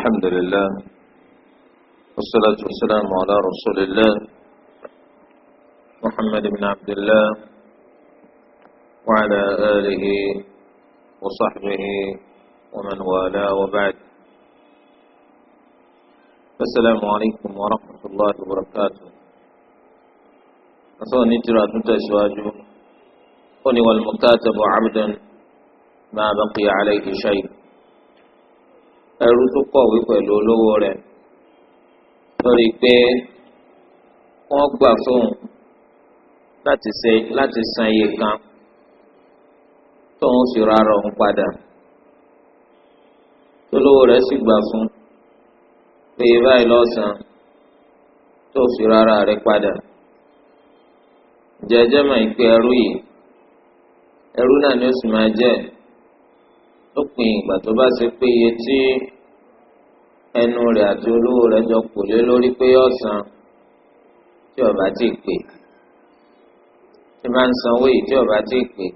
الحمد لله والصلاة والسلام على رسول الله محمد بن عبد الله وعلى آله وصحبه ومن والاه وبعد السلام عليكم ورحمة الله وبركاته أصلا نجرى قل والمكاتب عبدا ما بقي عليه شيء ẹrú tó kọ̀wé pẹ̀lú olówó rẹ̀ lórí pé wọ́n gbà fóun láti ṣe láti san iye kan tóun sì rárọ̀ ń padà olówó rẹ̀ sì gbà fún pé báyìí lọ́sàn-án tó sì rárá rẹ̀ padà jẹ́jẹ́ mọ̀ ìpè ẹrú yìí ẹrú náà ni ó sì máa jẹ́ lópin ìgbà tó bá ṣe pé iye tí ẹnu rẹ̀ àti olówó rẹ̀ jọ kò lé lórí pé ọ̀sán tí ọba ti pè tí bá ń sanwó yìí tí ọba ti pè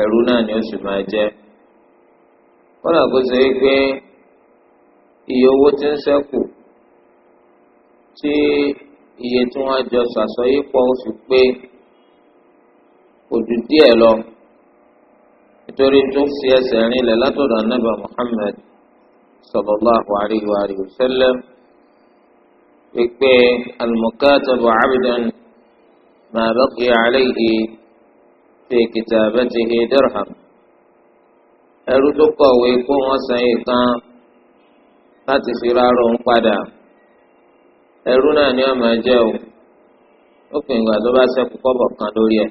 ẹrú náà ni ó sì máa jẹ kódà kó ṣe é pé iye owó tí ń ṣẹ́kù tí iye tí wọ́n jọ ṣàsọyípọ̀ ó pé kò ju díẹ̀ lọ nítorí tó fi ẹsẹ̀ rinlẹ̀ látọ̀dọ̀ anábà Muhammad sallallahu alayhi wa alihi wa sallam wípé al-mukatabu abdan ma baqiya alayhi fi kitabatihi dirham ẹrú tó kọ̀wé kó wọ́n san yìí kan láti fi rárọ̀ ń padà ẹrú náà ni wọ́n máa jẹ́ o ó pè ń gbà tó bá ṣẹ́kù kọ́bọ̀ kan lórí ẹ̀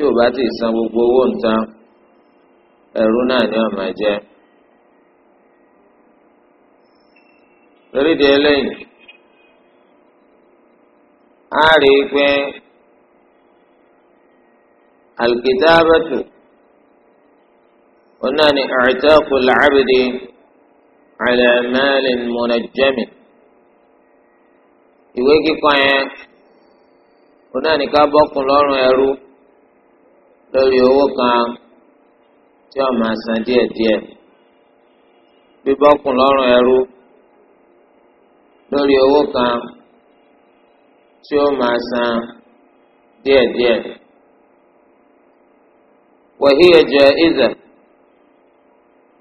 tí ò bá ti san gbogbo owó nǹkan ẹrú náà ni ọmọ jẹ. lórí di eléyìí a rí i pé alkitabatu ona ni i'taqu al-'abdi ìwé kíkọ yẹn ona ká bọ́kùn lọ́rùn ẹrú. lórí owó kan tí o máa san díẹ̀díẹ̀ bíbọ́kùn lọ́rùn ẹrú lórí owó kan tí o máa san die wàhíyẹ jẹ ìzẹ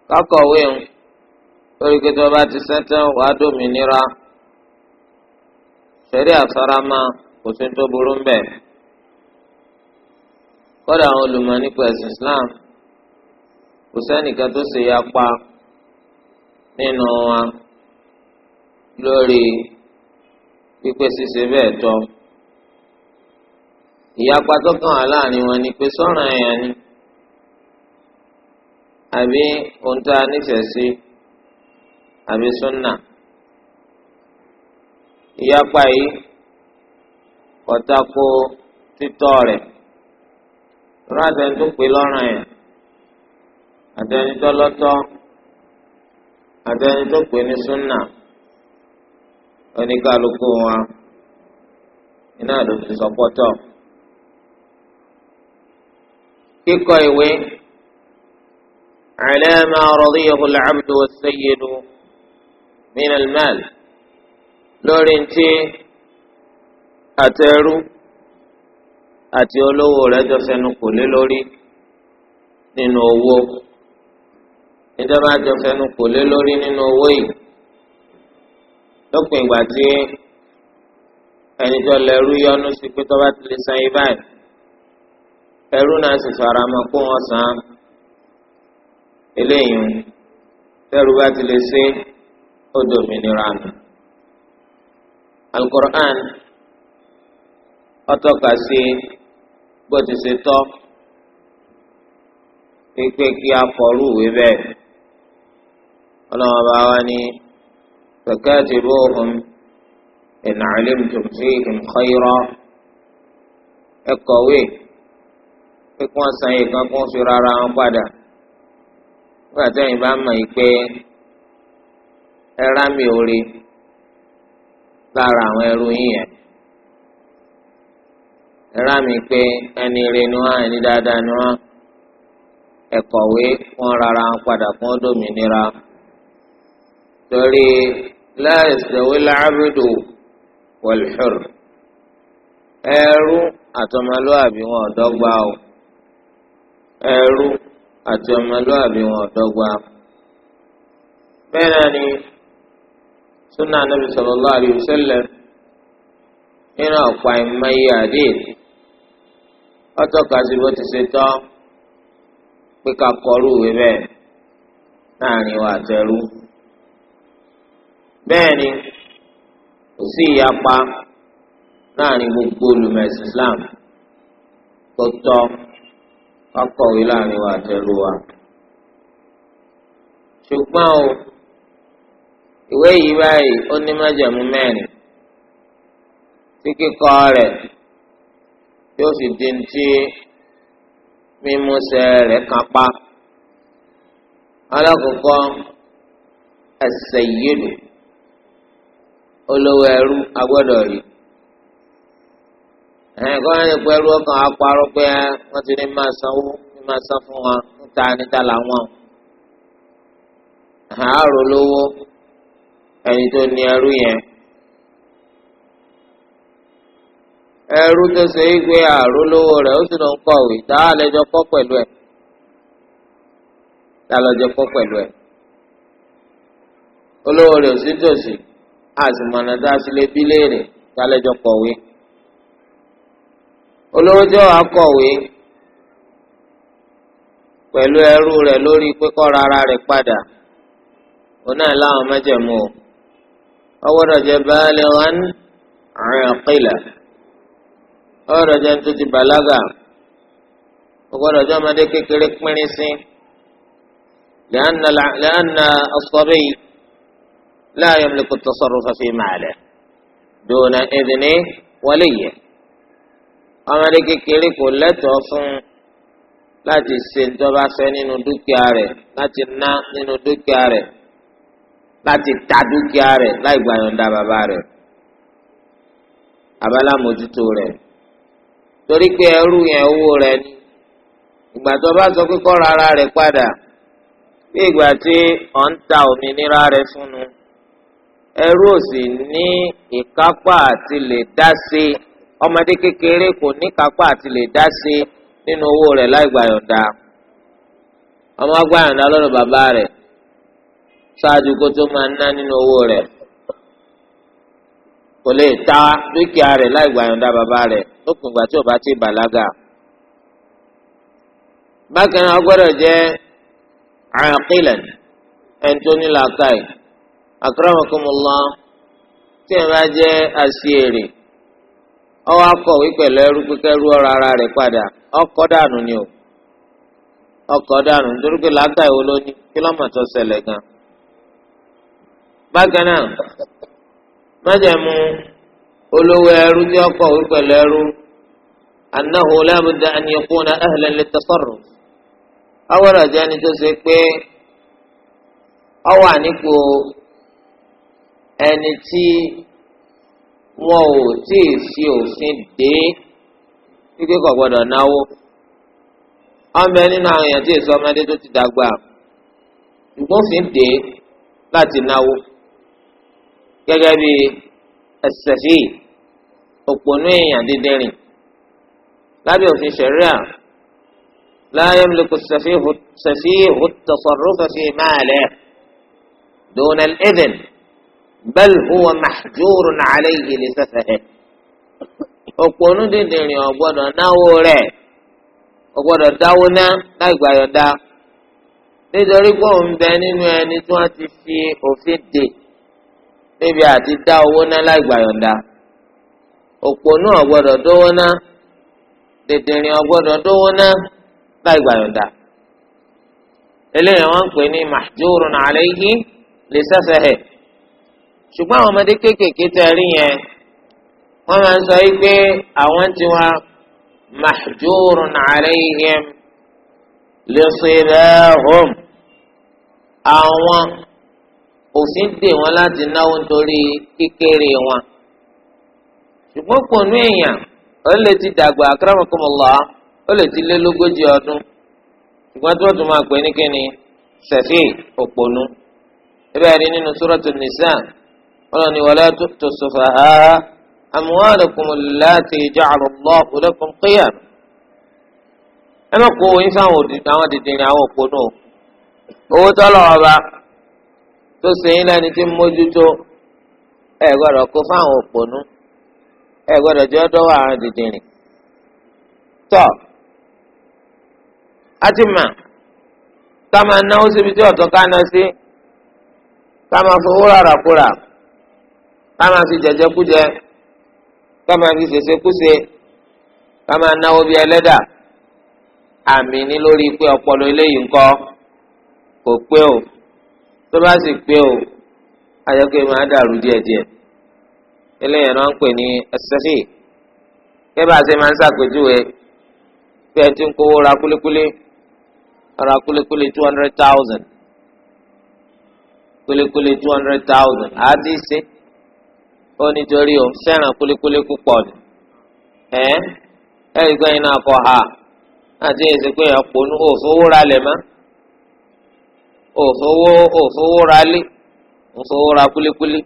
kákọ̀wé ń lórí pé tí bá ti sẹ́tẹ́ wàá dòmìnira ṣẹ̀rí àfarama kò sí tó burú ń kọ́dà àwọn olùmọ̀ nípa ẹ̀sìn Islam kò sẹ́nìkan tó ṣe yapa nínú wa lórí pípé ṣíṣe bẹ́ẹ̀ tọ́ ìyapa tó kàn án láàrin wọn ni pé sọ́ràn ẹ̀yàn ni àbí ohun tá a nífẹ̀ẹ́ sí àbí súnà ìyapa yìí kò tako títọ́ rẹ̀ rọ àtẹni tó pè lọ́rùn yẹn àtẹni tó lọ́tọ́ àtẹni tó pè ní súnà oníkálukú wa iná ló fi sọpọ́tọ̀ kíkọ ìwé على ما رضيه العبد والسيد من المال lórí ntí àtẹrù àti olówó rẹ̀ jọ fẹnu kò lé lórí nínú owó ìjọba jọ fẹnu kò lé lórí nínú owó yìí lópin ìgbà tí ẹni tó lẹ́rú yọnu sí pé tó bá ti lè san yìí báyìí ẹrú náà sì fara kó wọn san eléyìí tẹrù bá ti lè ṣe ó dòmìnira nù. alukur'an ó tọ́ka sí bó ti ṣe tọ́ pípé kí a fọrú ìwé bẹ́ẹ̀ ọlọ́wọ́n bá wá ní fakatibuhum in alimtum fihim khayra ẹ kọ̀wé pé kí wọ́n san ìkan kún fi rárá wọn padà nígbà tẹ́yìn bá mọ̀ pé ẹ rámi òre lára àwọn ẹrú yìí yẹn ẹ̀rá mi pé ẹni rẹ ni wọ́n ẹni dáadáa ni wọ́n ẹ̀kọ̀wé wọn rárá ń padà fún dòmìnira torí láìsèwé láàbùdù wọ̀lùhùr ẹrú àtọmọlúàbí wọn ọ̀dọ́gba o ẹrú àti ọmọlúàbí wọn ọ̀dọ́gba bẹ́ẹ̀ náà ni sunnah nabi sallallahu alayhi wa sallam nínú ọ̀pá ìmọ̀ye àdéhìí ọtọ́ka sí bó ti ṣe tọ́ pé ká kọrú ìwé bẹ́ẹ̀ láàrin wa àtẹrú bẹ́ẹ̀ ni kò sí ìyapa láàrin gbogbo olùmẹ̀sìn Islam tó tọ́ ká kọ̀wé láàrin wa àtẹrú wa ṣùgbọ́n o ìwé yìí báyìí ó ní májẹ̀mú mẹ́rin tí kíkọ rẹ̀ yóò sì di ti mímúṣẹ rẹ̀ kan pa alákòókò ẹsẹ yìlù olówó ẹrú agbọ́dọ̀ rí ẹ̀kọ́ ẹni pẹ̀lú ọkàn apárọ̀ pé wọ́n ti ní máa sanwó ní máa san fún wọn níta níta làwọn àárò lówó ẹni tó ní ẹrú yẹn ẹrú tó ṣe é gbé àrò lówó rẹ̀ ó sì lọ ń a lẹ́jọ́ kọ́ pẹ̀lú ẹ̀ tá a olówó rẹ̀ ò sí tòsí àtìmọ̀nà tá a sì lè olówó jẹ́ wàá ẹrú lórí pípọ́ rárá padà òun náà ọ̀rọ̀ jẹ́ ní tó ti bàlágà ọgbọ́dọ̀ jẹ́ ọmọdé kékeré pínrín sí lẹ́hànà ọ̀sọ́rí láàyè ọ̀mọlẹ́kọ̀ tó sọ̀rọ̀ fàfi màálẹ̀ dùnà ẹ̀dínní wọlé yẹ ọmọdé kékeré kò lẹ́tọ̀ọ́ fún láti ṣe ìjọba fẹ́ nínú dúkìá rẹ̀ láti ná nínú dúkìá rẹ̀ láti ta dúkìá rẹ̀ láì gbàyọ̀ǹda bàbá rẹ̀ abala mójútó rẹ̀ torí pé ẹrú yẹn owó rẹ̀ ni ìgbà tó bá sọ pé kó ra ara rẹ̀ padà bí ìgbà tí ọ̀ ń ta òmìnira rẹ̀ fún un ẹrú ò sì ní ìkápá àti lè dá sí ọmọdé kékeré kò ní ìkápá àti lè dá sí nínú owó rẹ̀ láì gbà ọmọ gbà yọ̀ǹda bàbá rẹ̀ ṣáájú kó tó máa ná nínú owó rẹ̀ kò lè ta dúkìá rẹ̀ láì gbàyànjá bàbá rẹ̀ lópin ìgbà tí ò bá ti bàlágà. bákan náà jẹ́ àkílẹ̀n ẹni làákàyè tí ẹ bá jẹ́ àṣìírì ọwọ́ akọ̀wé pẹ̀lú ara rẹ̀ padà ọ dànù ni o ọkọ̀ dànù nítorí pé làákàyè gan. májẹ̀mú olówó ẹrú tí ọkọ òwe ẹrú annahu la budda an yakuna ahlan lit awọrọ jẹ ẹni tó ṣe pé ẹni tí wọn ò tí ì fi òfin dé wípé kò náwó ọmọ nínú àwọn èèyàn tí èso ọmọdé tó ti dàgbà láti náwó. gẹ́gẹ́ bí ẹsẹ̀fì òpònú èèyàn dídẹ́rìn lábẹ́ òfin ṣẹ̀ríà la yamliku as-safihu at-tasarrufa fi malihi duna al-idhn bal huwa mahjurun alayhi li safahi òpònú dídẹ́rìn ò gbọ́dọ̀ náwó rẹ̀ ò gbọ́dọ̀ dáwó ná láì gbàyọ̀dá nítorí pé òun bẹ nínú ẹni tí wọ́n ti fi òfin dè níbi àti dá owó ná láì gbàyọ̀ǹda òpònú ọ̀gbọ́dọ̀ dówó ná dèdèrìn ọ̀gbọ́dọ̀ dówó ná láì gbàyọ̀ǹda eléyìí wọ́n ń pè ní mahjurun alayhi lè sẹ́sẹ̀ hẹ̀ ṣùgbọ́n àwọn ọmọdé kéékèèké tẹ rí yẹn wọ́n máa ń sọ yìí pé àwọn tiwa mahjurun alayhim lè ṣe bẹ́ẹ̀ hom àwọn. òfin dè wọn láti náwó nítorí kékeré wọn ṣùgbọ́n pọnú èèyàn ó lè ti dàgbà akramakumullah ó lè ti lé lógójì ọdún ṣùgbọ́n tí wọ́n tún máa pè ní kíni sẹ̀fì òpònú ibà rí nínú Suratu Nisa wọn ni wala tu'tu sufaha'a amwalakumul lati ja'ala Allahu ẹ má kó oyin fáwọn àwọn òpònú owó tọ́lọ̀ ọba. tó sèyìn lẹ́ni tí ń mójútó ẹ gbọ́dọ̀ kó fáwọn òpònú ẹ gbọ́dọ̀ jẹ́ ọdọ́wọ́ àwọn dìdìrìn. tọ́ a ti mà ká máa náwó síbi tí ọ̀tún ká ná sí ká máa fowó rárá kúrà ká máa fi jẹjẹkújẹ ká máa fi ṣèṣekúṣe ká máa náwó bí ẹlẹ́dà àmì ní lórí pé ọpọlọ eléyìí ńkọ́ kò pé o. tó bá sì pé o ayọ̀kẹ́ máa dàrú díẹ̀díẹ̀ eléyìí e ń pè ní ẹsẹ̀fì kí bá a ṣe máa ń ṣàpèjúwe pé ẹ ti ń kówó ra kúlíkúlí ra kúlíkúlí two hundred thousand kulikuli two hundred thousand àti ṣe ó nítorí o fẹ́ràn kúlíkúlí púpọ̀ ni ẹ̀ ẹ́ òfowó òfowó ra lé òfowó ra kulikuli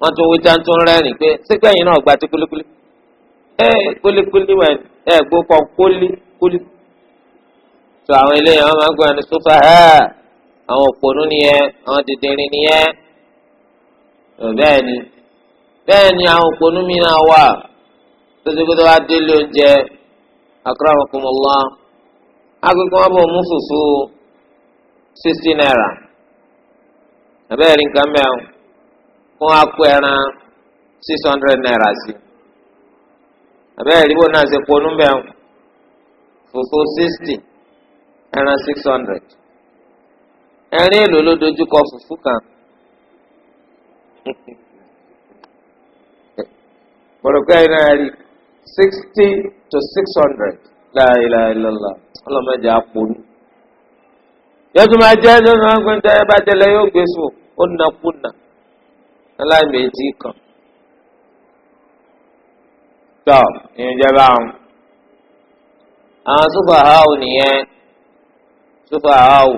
wọ́n tún wí tán tún rẹ́rìn pé sígbà náà gba ti kulikuli ẹ kulikuli wẹ̀ ẹ gbó kọ kuli kólí tó àwọn eléyìí wọ́n máa ń gbọ́ ẹni sófà ẹ àwọn òpònú nìyẹn àwọn dìndìnrín nìyẹn bẹ́ẹ̀ ni bẹ́ẹ̀ ni àwọn òpònú mi náà wà wọn mú fùfú. sixty naira abẹ́rẹ́ nǹkan mẹ́rin fún akọ ẹran six hundred naira sí abẹ́rẹ́ ìdíbò náà ṣe ponú mẹ́rin fòfò sixty ẹran six hundred ẹrin èlò ló dojúkọ fùfú kan pọ̀lọ́pẹ́ iná rí sixty to six hundred la ọlọ́mọdé àpò yóò tún máa jẹ́ ẹni tó máa ń gbẹ́ntẹ́ bá jẹlẹ yóò gbé sùn ó nàkúnà aláìmẹ̀tì kan. tọ́ ìjọba àwọn àwọn súpà áwò nìyẹn súpà áwò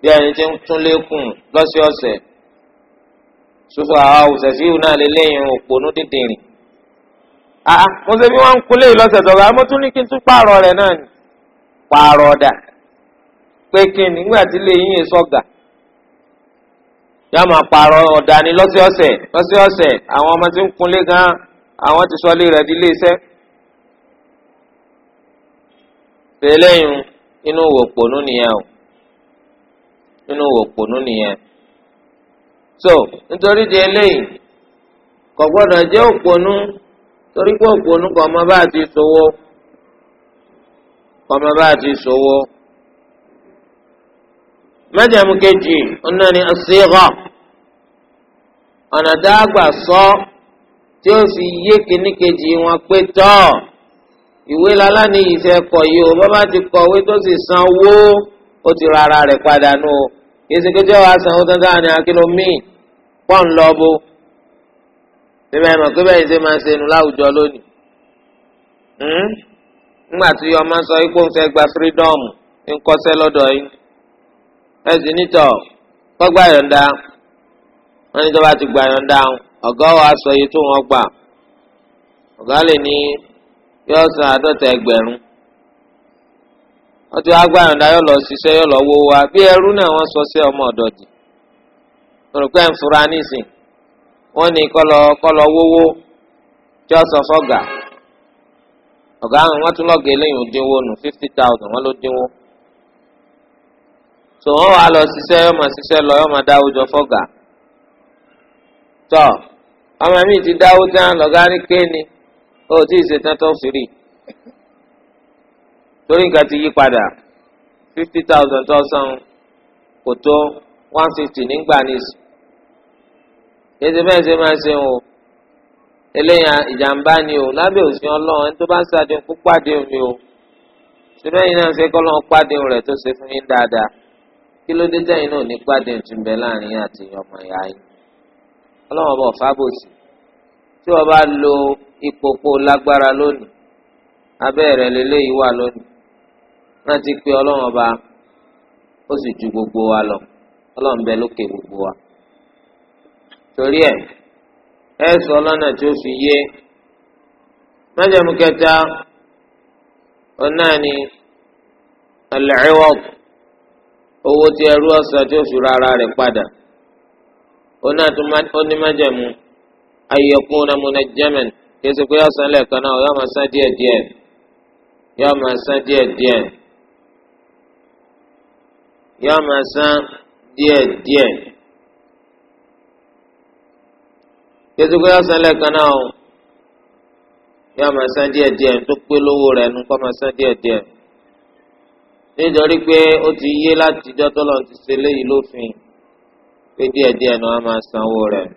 bí ẹni tí ń tún lékùn lọ́sọ̀ọ̀sẹ̀ súpà áwò sẹ̀síwù náà lélẹ́yìn òpònú dídìrín. àà mo ṣe bí wọ́n ń kulé ìlọ́sẹ̀ tọ́ba mo tún ní kí n tún pààrọ̀ rẹ̀ náà ni pààrọ̀ ọ̀dà. pé kí nígbà tí lè yín èso ọ̀gà yóò máa àwọn ọmọ tí ń kunlé gan àwọn ti sọlé rẹ̀ di iléeṣẹ́. tẹ́lẹ̀yìn inú wò pònú nìyẹn o inú wò pònú so nítorí di eléyìí kò torí pé òpònú kò mọ bá ti kò mẹ́jẹ̀mú kejì ọ̀nà ni àṣeyọ̀ ọ̀nà dáàgbà sọ tí ó sì yé kíní kejì wọn pé tọ́ ìwé lálání yìí fẹ́ kọ̀ yìí o bàbá ti kọ̀wé tó sì san owó ó ti rárá rẹ̀ padà nù o ìsìnkújọ́ wa san owó dandan ni akínú míì pọ́n lọ bó bíbẹ̀ ẹ̀mọ̀ pé bẹ́ẹ̀ ṣe máa ń ṣe nu láwùjọ lónìí ńgbà hmm? tí ọmọ sọ ikú ń fẹ́ gba fírídọ́ọ̀mù ń kọ́sẹ́ lọ́dọ̀ yìí. ẹ sì nítọ̀ yọ̀ǹda ti gbà yọ̀ǹda ọ̀gá wa sọ iye tó gbà ọ̀gá lè ní yóò san àádọ́ta ẹgbẹ̀rún wọ́n ti wá gbà yọ̀ǹda lọ ṣiṣẹ́ wa bí ẹrú náà wọ́n sọ sí ọmọ ọ̀dọ̀ dì wọ́n ní so wọn wà lọ ṣiṣẹ́ yọọ ma ṣiṣẹ́ lọ yọọ ma dáwó jọ tọ́ ọmọ mi ti dáwó tán ní kéènì ó tí tó fìrí torí nǹkan ti yí padà fifty thousand tó san kò tó one fifty nígbà nísì bẹ́ẹ̀ ṣe o eléyà ìjàmbá ni o lábẹ́ òsì ọlọ́run ẹni tó bá ń ṣàdéhùn pàdé pàdéhùn o ṣe ṣe kọ́ lọ́n rẹ̀ tó kí ló dé tẹ́yìn náà ní pàdé tún bẹ láàrin àti ọmọ ìyá yín ọlọ́wọ́n bọ̀ fábòsì tí wọ́n bá lo ìpòpò lágbára lónìí abẹ́ rẹ̀ lélẹ́yìí wà lónìí rántí pé ọlọ́wọ́n bá ó sì ju gbogbo wa lọ ọlọ́wọ́n bẹ lókè gbogbo wa torí ẹ̀ ẹ sọ lọ́nà tí ó fi yé májẹ̀mú kẹta ọ̀nà ni al owó tí ẹrú ọ̀sán tí oṣù rárá rẹ̀ padà onímọ̀jẹ̀mú ayẹ̀kún onamúnẹ German, kéṣe pé ọ̀sán lẹ́ẹ̀kan náà san díẹ̀ díẹ̀ Ya ma san díẹ̀ díẹ̀ Ya ma san díẹ̀ díẹ̀ kéṣe pé ọ̀sán lẹ́ẹ̀kan náà san díẹ̀ díẹ̀ tó pé lówó rẹ̀ nù san díẹ̀ díẹ̀. nítorí pé ó ti yé láti dọ́tọ́ lọ́n ti ṣe léyìí lófin pé díẹ̀díẹ̀ ni wọ́n máa sanwó rẹ̀.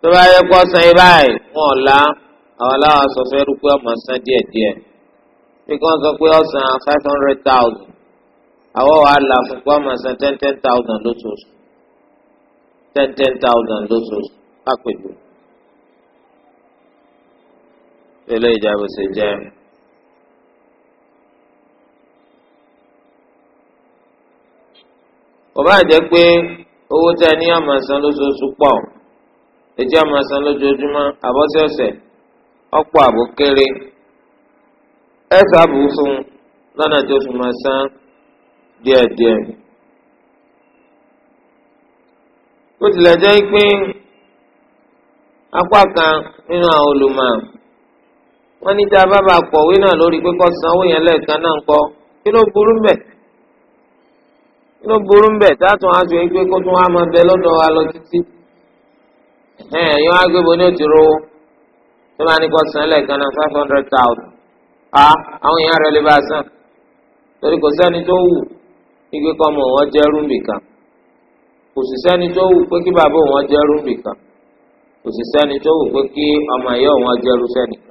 tó bá yẹ kó san yín báyìí wọn ò la àwọn aláwọ̀ sọ fẹ́ rú pé ọmọ san díẹ̀díẹ̀ pé wọ́n sọ pé ọ̀sán five hundred thousand àwọn wàá là fún pé ọmọ san ten ten thousand lóṣooṣù ten ten thousand lóṣooṣù kápẹ́jù eléyìí jábọ̀ ṣe jẹ́. kò bá jẹ́ pé owó tẹ ní àmà san lóṣooṣù pọ̀ èjì àmà san lójoojúmọ́ àbọ̀sẹ̀ọ̀sẹ̀ ọ̀pọ̀ àbò kéré ẹ sábù fún lọ́nà tó fi máa san díẹ̀díẹ̀. bó tilẹ̀ jẹ́ pé apá kan nínú àwọn olùmọ̀ wọ́n ní tá a bá bá kọ̀wé náà lórí pé kó sanwó yẹn lẹ́ẹ̀kan náà ń kọ́ kí ló burú mbẹ̀ kí ló burú mbẹ̀ ẹgbẹ́ lọ títí ní òtí rówó tó bá ní san lẹ́ẹ̀kan náà five hundred thousand a àwọn èèyàn rẹ̀ lè bá a san torí kò sẹ́ni tó wù igbe kọ́ ọmọ wọn jẹ́ rúmbì kan kò sì sẹ́ni tó wù pé kí bàbá jẹ́ rúmbì kan kò sì sẹ́ni tó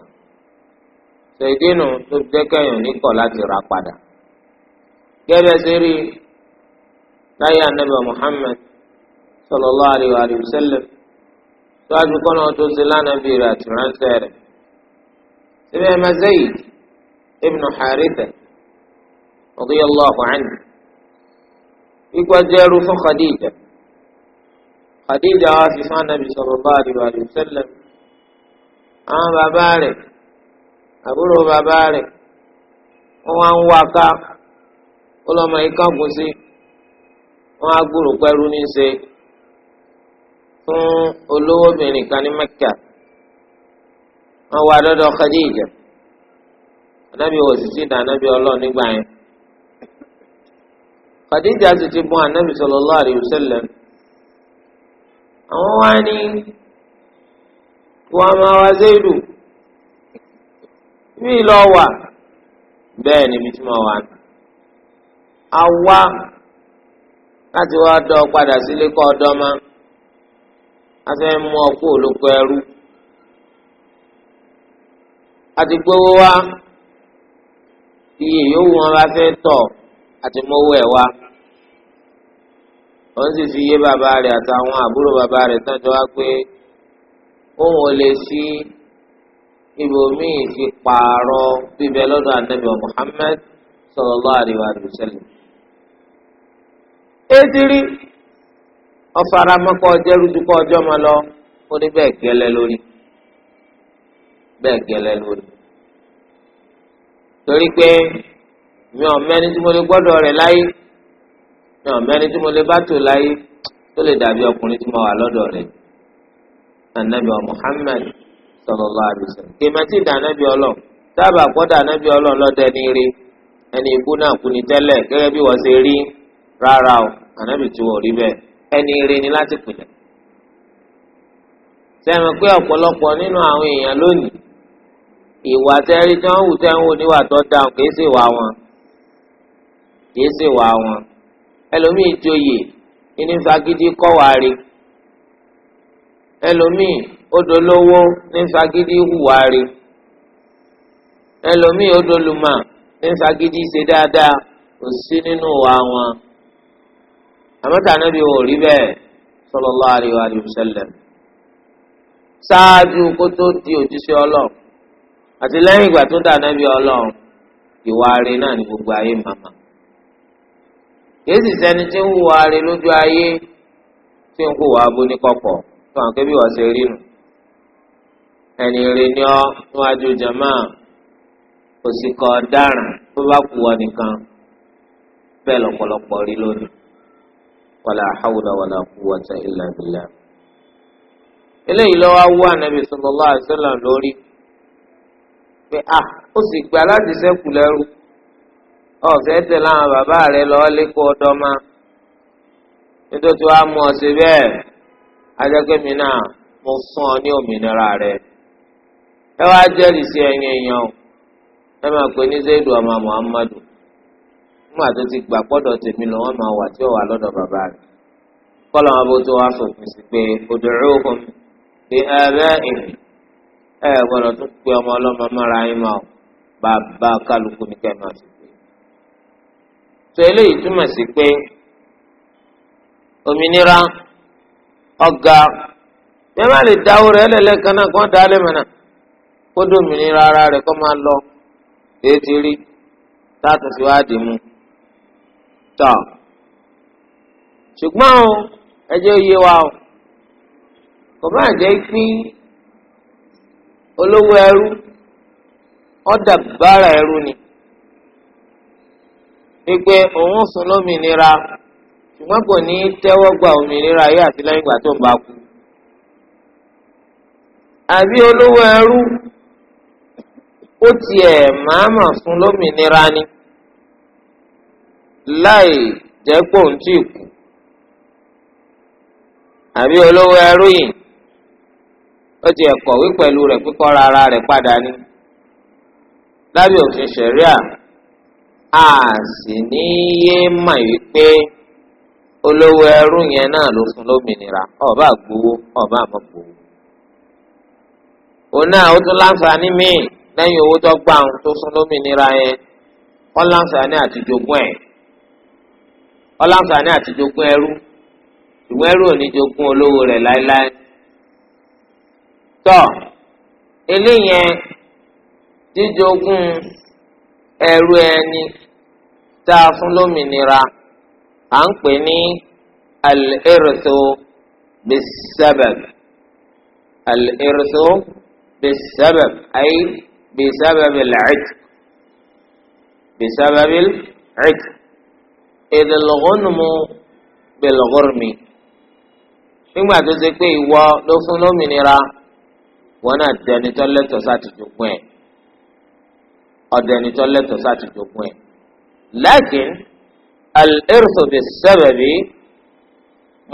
ṣèdínú tó jẹ́ kẹ́yìn níkọ̀ láti ra padà. gẹ́gẹ́ sí rí láyé anabi muhammed sọlọlọ àríwá sallallahu alayhi wa sallam síwájú kọ́nà tó ṣe lánàbí rẹ̀ àti ránṣẹ́ rẹ̀. síbẹ̀ mazayi ibn haritha radiyallahu anhu ikú ajé ẹrú fún khadija khadija wa fi fún anabi sọlọlọ àríwá àríwá sẹlẹ àwọn bàbá rẹ̀. àbúrò bàbá rẹ̀ wọ́n wá ń wá ká ó lọ́mọ yìí kángun sí wọ́n á gbúrò pẹ́rú ní í ṣe fún olówóbìnrin kan ní Mẹ́kà wọ́n wá dọ́dọ̀ Khadija anábì wò sí sí ìdánábì nígbà yẹn Khadija sì ti bọ́ anábì sallallahu alaihi wasallam àwọn wá ní wọ́n máa wá Zaidu. Mi lọ wà bẹ́ẹ̀ níbi tí mo wà ní. àwa láti wá dọ́ padà sílé kọ́ ọdọ́ mọ́ a fẹ́ mú ọkú olóko ẹrú àti gbowó wa iye yòówù wọn bá fẹ́ tọ̀ àti mowó ẹ̀ wá òun sì fi yé bàbá rẹ̀ àtàwọn àbúrò bàbá rẹ̀ tán jọ wá pé òun ò lè sí. Si ibòmíì fi pààrọ̀ bíbẹ lọ́dọ̀ anabi muhammed sallallahu alaihi wa sallam. etiri ọfaramọkọ jẹrùdúkọ ọjọ́ mọ lọ ó ní bẹ́ẹ̀ gẹ́lẹ́ lórí bẹ́ẹ̀ gẹ́lẹ́ lórí torí pé mi ò mẹ́ni tí mo lè gbọ́dọ̀ rẹ̀ láyé mi ò mẹ́ni tí mo lè bá tò láyé tó lè dàbí ọkùnrin tí mo wà lọ́dọ̀ rẹ̀ anabi muhammed sallallahu alaihi wasallam kèmà tí ìdánábì ọlọ́run sábà kọ́dà nábì ọlọ́run lọ́dẹ ní rí ẹni ikú náà kú ni tẹ́lẹ̀ gẹ́gẹ́ bí wọ́n ṣe rí rárá o ànábì tí wọ́n rí bẹ́ẹ̀ ẹni rí ni láti pìlẹ̀. sẹ́mi pé ọ̀pọ̀lọpọ̀ nínú àwọn èèyàn lónìí ìwà tẹ́rí tí wọ́n wù tẹ́ ń wò níwà tó dáhùn kìí sì wà wọn kìí sì wà wọn ẹlòmíì joyè ìní fagídí kọ́ wàá rí ẹlòmíì odolówó ní nsagídí hùwárí ẹlòmíì odolùmọ̀ ní nsagídí ṣe dáadáa kò sí nínú wa wọn àmọ́tà níbi ò rí bẹ́ẹ̀ sallallahu alaihi wa sallam ṣáájú kó tó di òjíṣẹ́ Ọlọ́run àti lẹ́yìn ìgbà tó dà níbi Ọlọ́run ìwárí náà ní gbogbo ayé màmá kìí sì sẹ́ni tí ń hùwárí lójú ayé tí ń hùwà abóníkọ̀kọ̀ fún àwọn kébí wọ́n ṣe rí ẹni rí ni ọ níwájú jama kò sì kọ ọ̀daràn tó bá kú ọ nìkan bẹ́ẹ̀ lọ́pọ̀lọpọ̀ rí lónìí wàlà hawla wàlà quwwata illa billah. eléyìí lọ́wọ́ wú ànábì a ah, ó sì gbà láti sẹ́kù lẹ́rú ọ̀fẹ́ tẹ̀ láwọn bàbá rẹ lọ́ọ́ lẹ́kọ̀ọ́ ọ̀dọ́mà nítorí wàá mú ọ sí náà mo ọ ní ẹ wá jẹ́rìí sí ẹyin èèyàn o ẹ máa pè ní zaidu ọmọ muhammadu nígbà tó ti gbà pọ́dọ̀ tèmi lọ wọ́n máa wà tí ó wà lọ́dọ̀ bàbá rẹ̀ kọ́lọ̀ wọn bó tó wá fòfin sí pé ud'uuhum li aabaa'ihim ẹ gbọ́dọ̀ tún pé ọmọ ọlọ́mọ mọ́ra yín máa o bàbá kálukú ní kẹ́ máa fi pé. tó eléyìí túmọ̀ sí pé òmìnira ọ̀gá ẹ má lè dáwó rẹ̀ ẹlẹ́lẹ́ kan náà kó dá lẹ́mọ̀ náà kó dòmìnira ara rẹ̀ kó máa lọ ètí rí látún fi wáá tọ ṣùgbọ́n o ẹjẹ́ òye wa o kò má jẹ́ pín olówó ẹrú ọ̀dà bára ẹrú ni wípé òun sùn lómìnira ṣùgbọ́n kò ní tẹ́wọ́ gba òmìnira yìí àti lẹ́yìn ìgbà tó ń bá kú àbí olówó ẹrú ó tiẹ̀ màámà fún lómìnira ni láì jẹ́ pò ń tì kú àbí olówó ẹrú yìí ó tiẹ̀ kọ̀wé pẹ̀lú rẹ̀ pípọ́ rárá rẹ̀ padà ni lábẹ́ òfin ṣẹ̀ríà a sì ní yé mà wípé olówó ẹrú yẹn náà ló fún lómìnira ọba gbowó ọba àmọ́ gbowó òun náà ó tún láǹfààní míì. lẹ́yìn owó tó gbà ń tó sún lómìnira yẹn ọ̀làǹfààní àtijogún ẹ̀ ọ̀làǹfààní àtijogún ẹrú ìwé ẹrú ò ní jogún olówó rẹ̀ láéláé. tọ́ eléyẹn jíjogún ẹrú ẹni tá a fún lómìnira à ń pè ní al-irthu bis-sabab ayé. بسبب العتق بسبب العتق إذ الغنم بالغرم ثم تزكي و لفن من را ونا الدني تلت سات جبوين الدني تلت سات جبوين لكن الإرث بالسبب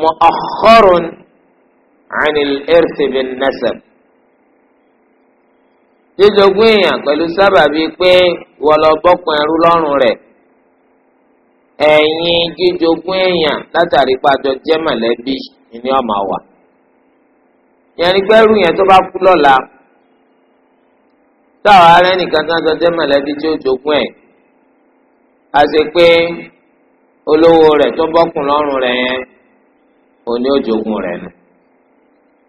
مؤخر عن الإرث بالنسب jíjogún èèyàn pẹ̀lú sábàbí pé wọ́n lọ bọ́kun ẹrú lọ́rùn rẹ̀ ẹ̀yin jíjogún èèyàn látàrí pàjọ jẹ́ mọ̀lẹ́bí ni ó máa wà. yẹnni pẹ́rù yẹn tó bá kú lọ́la táwọn ará ẹnìkan tó ń jọ jẹ́ mọ̀lẹ́bí tí ó jogún ẹ̀ á pé olówó rẹ̀ tó bọ́kun lọ́rùn rẹ̀ yẹn òní ó jogún rẹ̀ nù.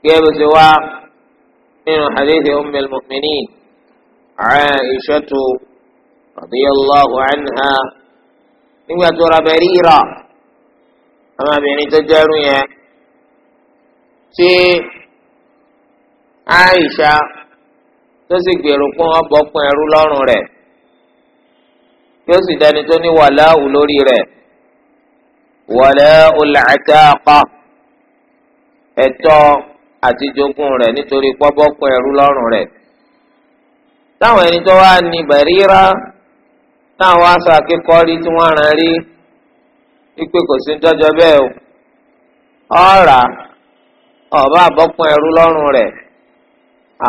gẹ́gẹ́ bó ṣe wá nínú hadith ummul Aishatu radiyallahu anha nígbà tó ra Barira ọmọbìnrin tó jẹ́rú yẹn tí Aisha tó sì gbèrò pé wọ́n bọ́kún ẹrú lọ́rùn rẹ̀ tí ó sì dání tó ní wàláhù lórí rẹ̀ wàláhù làtàkà ẹ̀tọ́ àti jogún rẹ̀ nítorí pọ́bọ́kún ẹrú lọ́rùn rẹ̀ táwọn ẹni tó wá ní Bàrírà táwọn wá sọ àkíkọ́rí tí wọ́n rán rí wípé kò sí dọ́jọ́ bẹ́ẹ̀ o ọ̀rà ọ̀bá àbọ̀kùn ẹrú lọ́rùn rẹ̀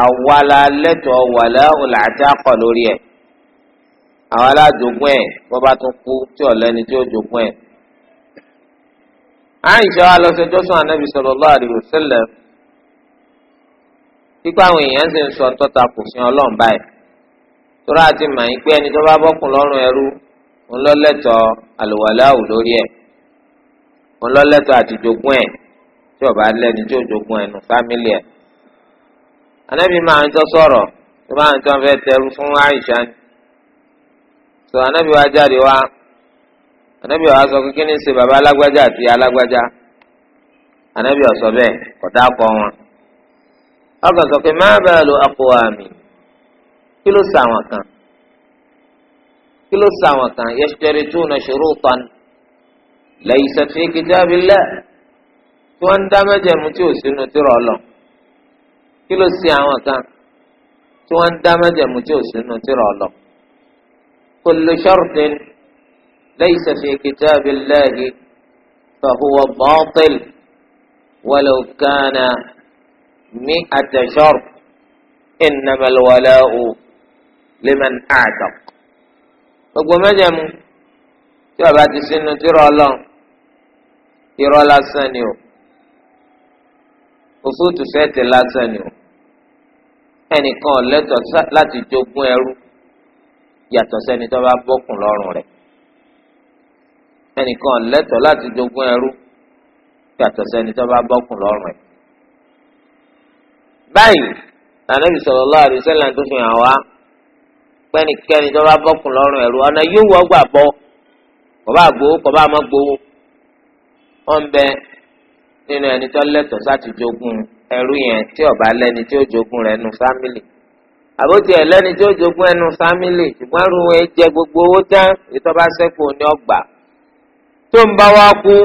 àwàlà lẹ́tọ̀ọ́ wàlẹ́ òlàjákọ̀ lórí ẹ̀ àwọn alájogún ẹ̀ bọ́ bá tún kú tí ọ̀lẹ́ni tí ó jogún ẹ̀. àìṣe wa lọ sí jọ́sùn anábì sallallahu alaihi wasallam pípa àwọn èèyàn sì ń sọ tọ́ta kò sí ọlọ́run báyìí. tora àti màá pé ẹni tó bá bọ́kùn lọ́rùn ẹrú ńlọ́lẹ́tọ̀ àlùwàláwù lórí ẹ̀ ńlọ́lẹ́tọ̀ àti jogún ẹ̀ tí ọba lẹ́ni tí ó jogún ẹ̀ nù ẹ̀. anábì máa ń tọ́ sọ̀rọ̀ tó máa ń tọ́ fẹ́ tẹrú fún àìsàn sọ anábì wa jáde wá anabi wa sọ kíkí ní ṣe baba alágbájá àti alágbájá anabi wa bẹ́ẹ̀ kọdá kọ wọn. sọ pé má kí ló sa àwọn kan kí ló sa àwọn kan tó na yashtarituna shurutan laysat fi kitabillah tí wọ́n ń dá mẹ́jẹ̀mú tí ò sínú tírà Ọlọ́run kí ló sí àwọn kan tí wọ́n ń dá mẹ́jẹ̀mú tí ò sínú tírà Ọlọ́run kullu shartin laysa fi kitabillahi fa huwa batil walau kana mi'ata shart innamal wala'u. liman a'taq gbogbo mẹ́jẹ̀mú tí ọba ti sínú tírọ Ọlọ́run irọ́ lásán ni o òfúùtù fẹẹtì lásán ni o ẹnìkan ò lẹ́tọ̀ọ́ láti jogún ẹrú yàtọ̀ sẹ́ni tó bá bọ́kùn lọ́rùn rẹ̀ ẹnìkan ò lẹ́tọ̀ọ́ láti jogún ẹrú yàtọ̀ sẹ́ni tó bá bọ́kùn lọ́rùn rẹ̀ báyìí Ànábì sallallahu alaihi wasallam tó fi hàn wá pẹ́nikẹ́ni tó bá bọ́kùn lọ́rùn ẹ̀rú ọ̀nà yóò wọ́ gbà bọ́ kọba gbowó kọba má gbowó wọ́n bẹ nínú ẹni tó lẹ́tọ̀ọ́ sáti jogún ẹrú yẹn tí ọba lẹ́ni tí ó jogún rẹ̀ nu fámìlì àbótí ẹ lẹ́ni tí ó jogún ẹnu fámìlì ṣùgbọ́n ẹrú wọn jẹ gbogbo owó tán ètò ọba ṣẹ́kù ní ọgbà tó ń bá wá kú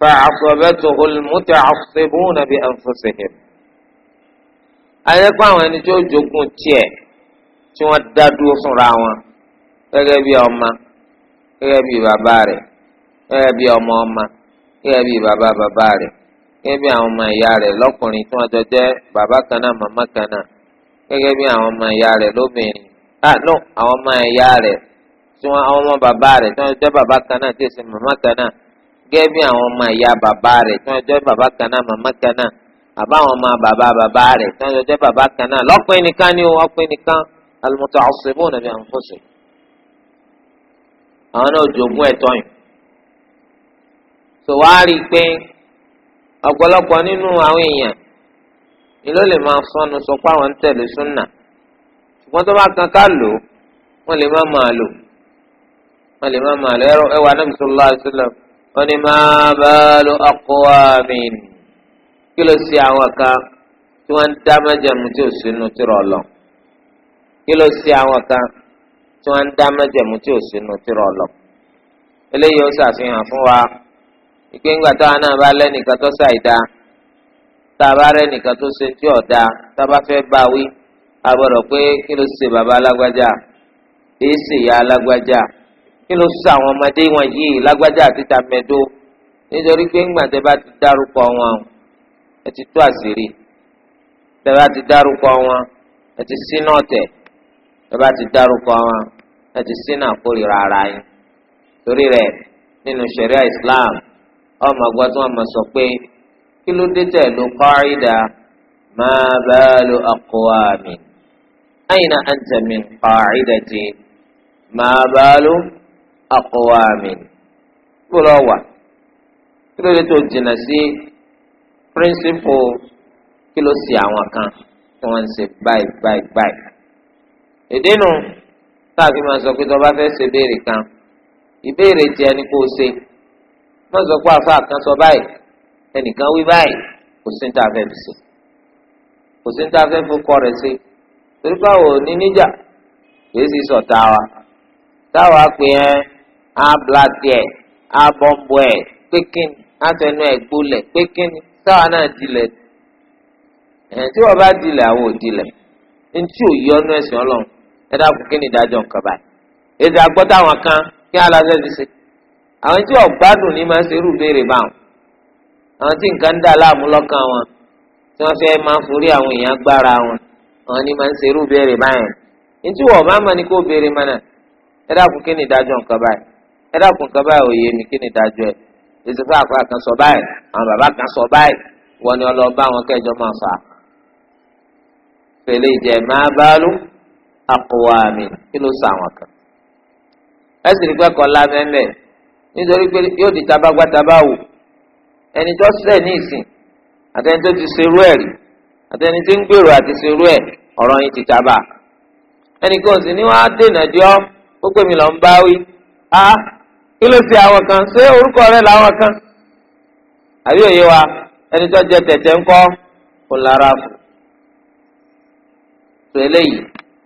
fa àfọ̀bẹ́tò olùmútẹ àfọ̀ṣẹ́bùn nàbí àfọ̀ṣẹ́hìn. ayẹ́pọ̀ àwọn ẹni tí ó jogún tiẹ̀ tí wọ́n dá dúró fúnra wọn gẹ́gẹ́ bí ọmọ gẹ́gẹ́ bí bàbá rẹ̀ gẹ́gẹ́ bí ọmọ ọmọ gẹ́gẹ́ bí bàbá bàbá rẹ̀ gẹ́gẹ́ bí àwọn ọmọ ìyá rẹ̀ lọ́kùnrin tí wọ́n jọ jẹ́ bàbá kan náà màmá kan náà gẹ́gẹ́ bí àwọn ọmọ ìyá rẹ̀ lóbìnrin ah no àwọn ọmọ ìyá rẹ̀ tí wọ́n àwọn ọmọ bàbá rẹ̀ tí wọ́n jẹ́ bàbá kan náà tí èsì màmá kan náà gẹ́gẹ́ bí àwọn ọmọ ìyá bàbá rẹ̀ tí wọ́n jẹ́ bàbá kan náà màmá kan náà àbáwọn ọmọ bàbá bàbá rẹ̀ tí wọ́n jẹ́ bàbá kan náà lọ́pìn nìkan ni ó ọpìn nìkan al-muta'assibuna bi anfusihim àwọn náà jogún ẹ̀tọ́ yìí tó wàá rí i pé ọ̀pọ̀lọpọ̀ nínú àwọn èèyàn ni ló lè máa sọnù sọ pé àwọn ń tẹ̀lé súnà ṣùgbọ́n tó bá kan ká lò ó wọ́n lè má máa lò wọ́n lè má máa lò ẹ̀rọ ẹ̀wà náà sallallahu alaihi wasallam wọ́n ní ma balu aqwamin kí ló ṣe àwọn kan tí wọ́n ń dá mẹ́jẹ̀mú tí ò sínú tìrọ̀ lọ́n kí ló ṣe àwọn kan tí wọ́n ń dá mẹ́jẹ̀mú tí ò sínú tìrọ̀ lọ. eléyìí ó ṣàfihàn fún wa ìpè ńgbà táwọn náà bá lẹ́nìkan tó ṣàìdá tá a bá rẹ́nìkan tó ṣe tí ọ̀dá tá a bá fẹ́ bá wí a gbọ́dọ̀ pé kí ló ṣe bàbá alágbájá èyí sì ya alágbájá kí ló ṣe àwọn ọmọdé wọn yìí lágbájá àti tàmẹ́dó nítorí pé ńgbà tẹ́ bá ti dárúkọ wọn ẹ ti tú àṣírí tẹ́ bá ti dárúkọ wọn ẹ ti sínú ọ̀tẹ̀ tọba ti dárúkọ wọn ẹ ti sínú àkórìíra ara yín torí rẹ̀ nínú ṣẹ̀ríà Islam ọmọ gbọ́ tí wọ́n mọ̀ sọ pé kí ló dé tẹ̀ ló qaida ma balu aqwamin ayna anta min qaidati ma balu aqwamin kó lọ wà kí ló dé tó jìnnà sí principle kí ló sì àwọn kan tí wọ́n ń ṣe báyìí báyìí báyìí èdè nù táàbí máa sọ pé tọba fẹ́ ṣe béèrè kan ìbéèrè tiẹ̀ ni kò ṣe má sọ pé àfa kan sọ báyìí ẹnìkan wí báyìí kò sí níta fẹ́ fi ṣe kò sí níta fẹ́ fi kọ́ rẹ̀ ṣe torí báwo ní níjà kìí sì sọ táwa táwa pè ẹ́ á bla tiẹ̀ á bọ́m̀bù ẹ̀ pé kíni á fẹnu ẹ̀ gbolẹ̀ pé kíni táwa náà dilẹ̀ ẹ̀ tí wọ́n bá dilẹ̀ àwọn ò dilẹ̀ ntí ò yọ ọ́nú ẹ̀sìn ọlọ́run ẹ dákun kí ni ìdájọ́ nǹkan báyìí èdè àgbọ́tà àwọn kan kí aláṣẹ ti ṣe àwọn tí ọ̀gbádùn ní máa ń ṣerú béèrè báwọn àwọn tí nǹkan ń dà láàmú lọ́kàn wọn tí wọ́n fẹ́ máa ń forí àwọn èèyàn gbára wọn àwọn ni máa ń ṣerú béèrè báyẹn ntí wọ́n bá mọ̀ ní kó béèrè mọ́ náà ẹ dákun kí ni ìdájọ́ nǹkan báyìí ẹ dákun nǹkan báyìí òye mi kí ni ìdájọ́ ẹ̀ èsì fún àpá kan sọ báyìí àwọn bàbá kan sọ báyìí aqwamin kí ló sọ àwọn kan ẹsì rí pẹ́kọ̀ọ́ lábẹ́ńbẹ́ nítorí pé yóò di tabagbátabá wò ẹni tó ṣẹ̀ ní ìsìn àtẹni tó ti ṣerú ẹ̀ rí àtẹni tí ń gbèrò àti ṣerú ẹ̀ ọ̀rọ̀ yìí ti taba ẹnì kan sì ni wọ́n á dènà dí ọ́ ó pè mí lọ ń báwí á kí ló ṣe àwọn kan ṣé orúkọ rẹ làwọn kan àbí òye wa ẹni tó jẹ tẹ̀tẹ̀ ńkọ́ kò lára fún. tó eléyìí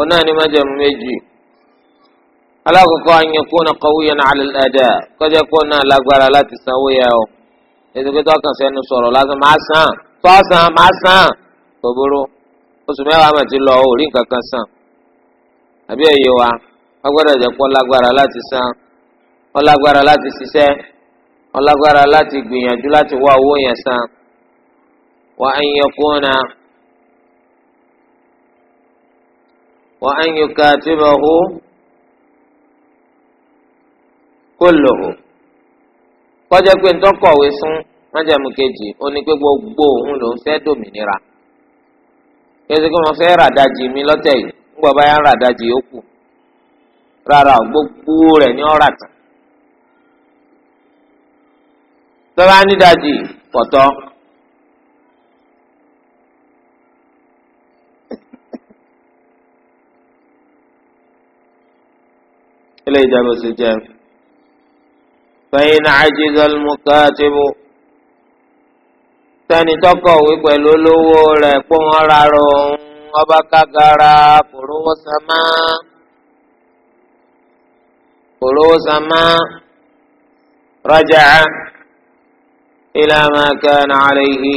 ọ̀nà ni májẹ̀mú méjì alákọ̀ọ́kọ́ anyakuna qawiyan na al-ada kọjá kó náà lágbára láti sanwó yẹ o ètùkú tó kàn sẹ́nu sọ̀rọ̀ lásán máa san tó san máa san gbogbooro oṣù mẹ́wàá mà ti lọ orí kan san àbí ẹ̀yẹ wa ọgbọ́dọ̀ jẹ́ kó lágbára láti san ọlágbára láti ṣiṣẹ́ ọlágbára láti gbìyànjú láti wá owó yẹn san wa anyakuna. wa an yukatibahu kulluhu kọjá pé ntọ́kọ̀wé fún májàmú kejì ó ní pé gbogbo òun lòún fẹ́ dòmìnira kẹsí pé wọn fẹ́ ràdájì mi lọ́tẹ̀ yìí ńgbọ́ báyà ń ràdájì yòókù rárá gbogbo rẹ̀ ní ọ̀rà tán tọ́ba nídàjì pọ̀tọ́. ilé ìjọba ṣe jẹ́ fẹ́yìn àjẹgàl mùkàtìbù tẹni tọkọ̀wé pẹ̀lú olówó rẹ̀ pé wọ́n ra rọrùn ọba kágara kò rówó sàmá kò rówó sàmá rọ́jà ilé amáka náà àlèyé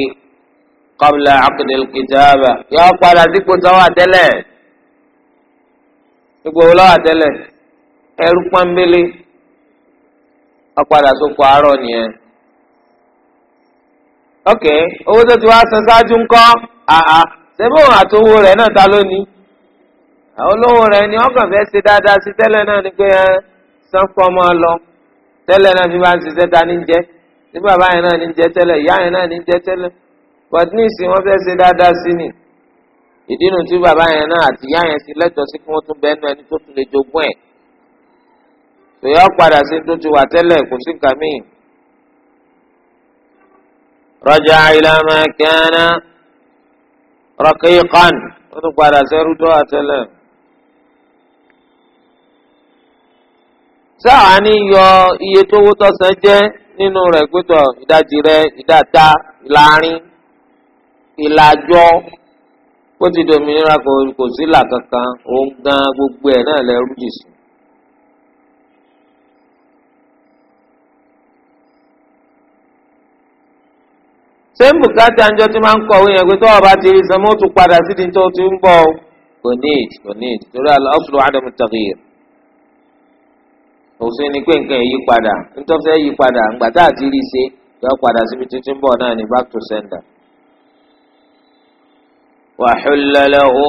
kọ́bílà àkùdìl kìtàbà yọ padà dípò tọ́wọ́ àtẹ́lẹ̀ gbogbo lọ́wọ́ àtẹ́lẹ̀ ẹrú pọ́nbélé ọ̀padà tó kọ àárọ̀ nìyẹn. ok owó tó ti wá san ṣáájú ńkọ́ àhà ṣẹ́bí òun àtòwò rẹ̀ náà ta lónìí. àwọn olówó rẹ̀ ni ọkàn fẹ́ ṣe dáadáa sí tẹ́lẹ̀ náà ni pé san fọmọ lọ tẹ́lẹ̀ náà fi máa ń ṣiṣẹ́ ta ní jẹ́ tí bàbá yẹn náà ní jẹ́ tẹ́lẹ̀ ìyá yẹn náà ní jẹ́ tẹ́lẹ̀ but wọn fẹ́ ṣe dáadáa sí ni ìdí nu tí bàbá yẹn náà àti ìyá yẹn ti lẹ́tọ̀ọ́ sí kí wọ́n tún bẹ́ẹ̀ náà ẹni tó tún lè jogún ẹ̀ tòyọ́ padà sí tó ti wà tẹ́lẹ̀ kò sí kàmí. rọjà ìlànà kẹ́ẹ́nà rọ̀kìkan ó tún padà sẹ́rú tó wà tẹ́lẹ̀. sáà ní yọ iye tó wó tọ́sán jẹ́ nínú rẹ̀ gbẹ́tọ̀ ìdajì rẹ̀ ìdáta ìlàrin ìlàjọ ó ti dòmìnira kò sí là kankan òun gan gbogbo ẹ̀ náà lẹ́rú jì sí. ṣé ń bùkátà ń jọ tí máa ń kọ̀wé yẹn pé tó ọba ti rí sanwó tún padà sídìí tó ti ń bọ̀ kò ní ìdí kò ní ìdí torí al-aslu adamu taghyir òsín ni pé nǹkan yí padà nítorí fẹ́ yí padà ǹgbà tá a rí ṣe yọ padà síbi tuntun bọ̀ náà ní back to sender. wa hulla lahu